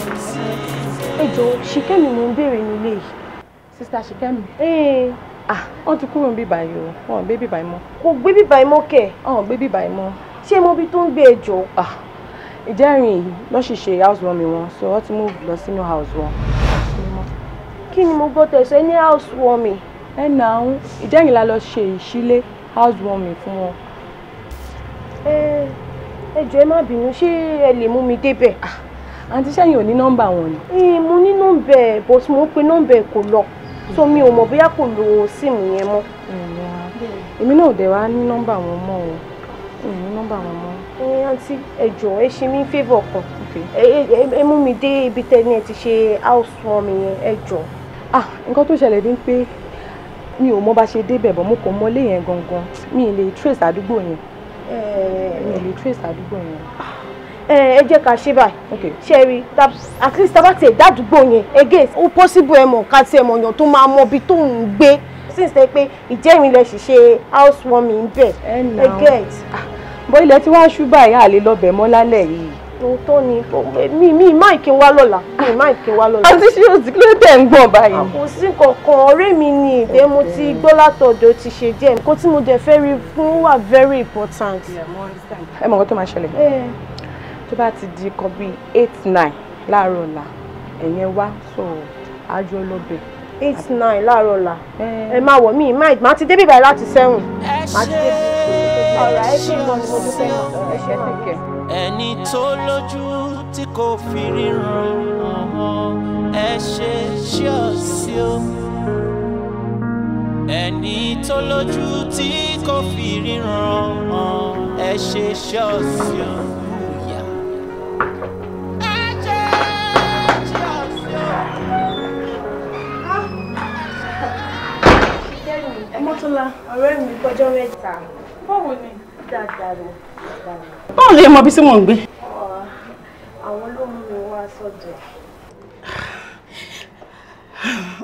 ẹ jọ ṣìkẹ́mi mò ń béèrè nílé yìí. sista ṣìkẹ́mi. ee ah wọ́n ti kúrò ń bíbà yìí by wọn ò gbé bíbà yìí mọ́. kò gbé bíbà yìí mọ́ kẹ̀. wọn ò gbé bíbà yìí mọ́. ṣé mo bí tó ń gbé e jọ. ah ìjẹ́rìn yìí lọ́ sì so wọ́n ti move lọ sínú house wọn. kí ni mo gbọ́ tẹ̀sẹ̀ ní housewarming ẹ nà án ìjẹ́yìn la lọ ṣe ìṣílé housewarming fún wọn. ẹ jọ̀ọ́ ẹ má bínú ṣé ẹ lè mú mi débẹ̀. Ah, àǹtí sẹ́yìn ò ní nọ́mbà wọn ni. mo ní nọ́mbà ẹ̀ bó ti mọ̀ pé nọ́mbà ẹ̀ kò lọ so mi ò mọ̀ bóyá kò lo síìmù yẹn mọ́. èmi náà ò dẹ̀ wá ní nọ́mbà wọn mọ́ o ní nọ́mbà wọn mọ́. ẹ àǹtí ẹ jọ̀ọ́ ẹ ṣe mí favour kan ẹ mú mi dé ibi tẹ́ni ẹ ti ṣe housewarming yẹn ẹ jọ̀ọ́. Ah, nǹkan tó ṣẹlẹ̀ ni pé mi ò mọ bá ṣe débẹ̀ bọ̀ mo kò mọlé yẹn gangan mi ì lè trace àdúgbò yẹn eh. mi ì lè trace àdúgbò yẹn. Eh, ẹ jẹ́ ká ṣe báyìí ṣẹ́rí at least tábà tẹ̀ dádúgbò yẹn again ó possible ẹ̀mọ̀ ká tiẹ̀ mọ̀ yàn tó máa mọ ibi tó ń gbé since pé ìjẹ́rin lẹ ṣì ṣe housewarming bẹ́ẹ̀ ẹ get. Ah, bó ilẹ̀ tí wàá ṣú báyìí àlè lọ́bẹ̀ mọ́ yìí òótọ́ ni mi mi máì kí n wá lọ́la mi máì kí n wá lọ́la. àti ṣé o sì ló tẹ̀ ń gbọ̀n báyìí. kò sí kankan ọ̀rẹ́ mi ni ìdè mo ti gbọ́ látọ̀dọ̀ ti ṣe díẹ̀ nǹkan tí mo dẹ̀ fẹ́ rí fún wà very important. ẹ mọ̀ nǹkan tó máa ṣẹlẹ̀ tó bá ti di kan bíi eight nine láàárọ̀ ọ̀la ẹ̀yẹn wá sọ àjọ lọ́bẹ̀. eight nine láàárọ̀ ọ̀la ẹ máa wọ̀ mí máì má ti débìbà láti sẹ́wọ̀n má ti débìbà ọ̀rọ̀ ẹ ṣe é mọ́ ni mo dúpẹ́ náà ẹ ṣe é mọ́ ẹni tó lójú tí kò fi ríran ẹ ṣe ṣíọ̀sí o ẹni tó lójú tí kò fi ríran ẹ ṣe ṣíọ̀sí o. Mọ́tòlá, ọ̀rẹ́ mi kọjọ́ mẹ́ta. Báwo ni? Dáadáa rẹ̀ báwo lè mọ ibi tí mò ń gbé. àwọn ló mú mi wá sọ́dọ̀ ẹ̀.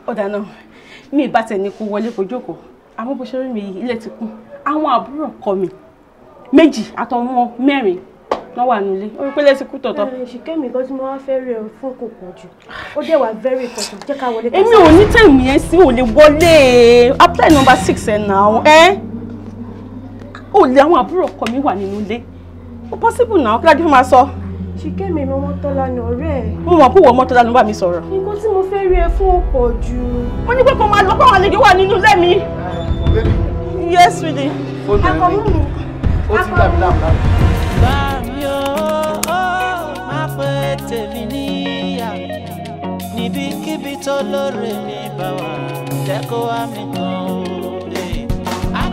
ọ̀dà náà mi ìbá tẹ̀ ní kó wọlé kó jókòó àmọ́ bó ṣe rí mi yìí ilé ti kún àwọn àbúrò ọkọ mi méjì àtọmọ mẹ́rin wọ́n wà nílé orí pé lẹ́sìn kú tọ̀tọ̀. ṣìkẹ́mi kan tí mo wá fẹ́ rí ọ fún kò pọ̀ jù ó dẹ̀ wà very important jẹ́ ká wọlé. èmi ò ní tẹ̀mí ẹ sí ò lè wọlé apply number six ẹ̀ náà ẹ́ olè àwọn àbúrò ọkọ mi wà nínú ilé ó possible náà kí ládé fún máa sọ. ṣìkẹ́ mi mọ́ mọ́tọ́lá ni ọ̀rẹ́ ẹ̀. mo mọ̀ pé wọ́n mọ́tọ́lá ló bá mi sọ̀rọ̀. nǹkan tí mo fẹ́ rí ẹ fún ọ̀pọ̀ jù. mo ní pé kó máa lọ báwọn àlejò wà nínú ilé mi. yes really. akọ̀wé mi akọ̀wé mi. tèmi níyà níbikíbi tó lóore mi bá wà jẹ́ kó wá mi kàn ó.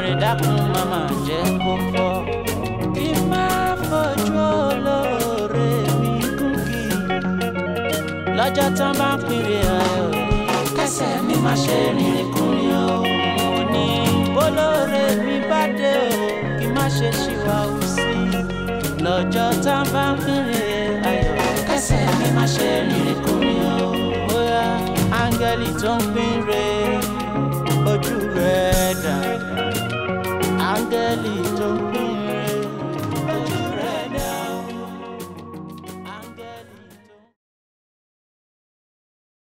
Olódùmarè dákun màmá jẹ́ kó fọ́ kí n má fojú olóore mi kún kí lọ́jọ́ tán bá péré ayọ̀ kẹsẹ̀ mi má ṣe rìnrìn kúrin o mo ní bólóore mi bá dé o kí má ṣe ṣìwà òsì lọ́jọ́ tán bá péré ayọ̀ kẹsẹ̀ mi má ṣe rìnrìn kúrin o bóyá áńgẹ́lì tó ń pín ojú rẹ̀ dà. angeli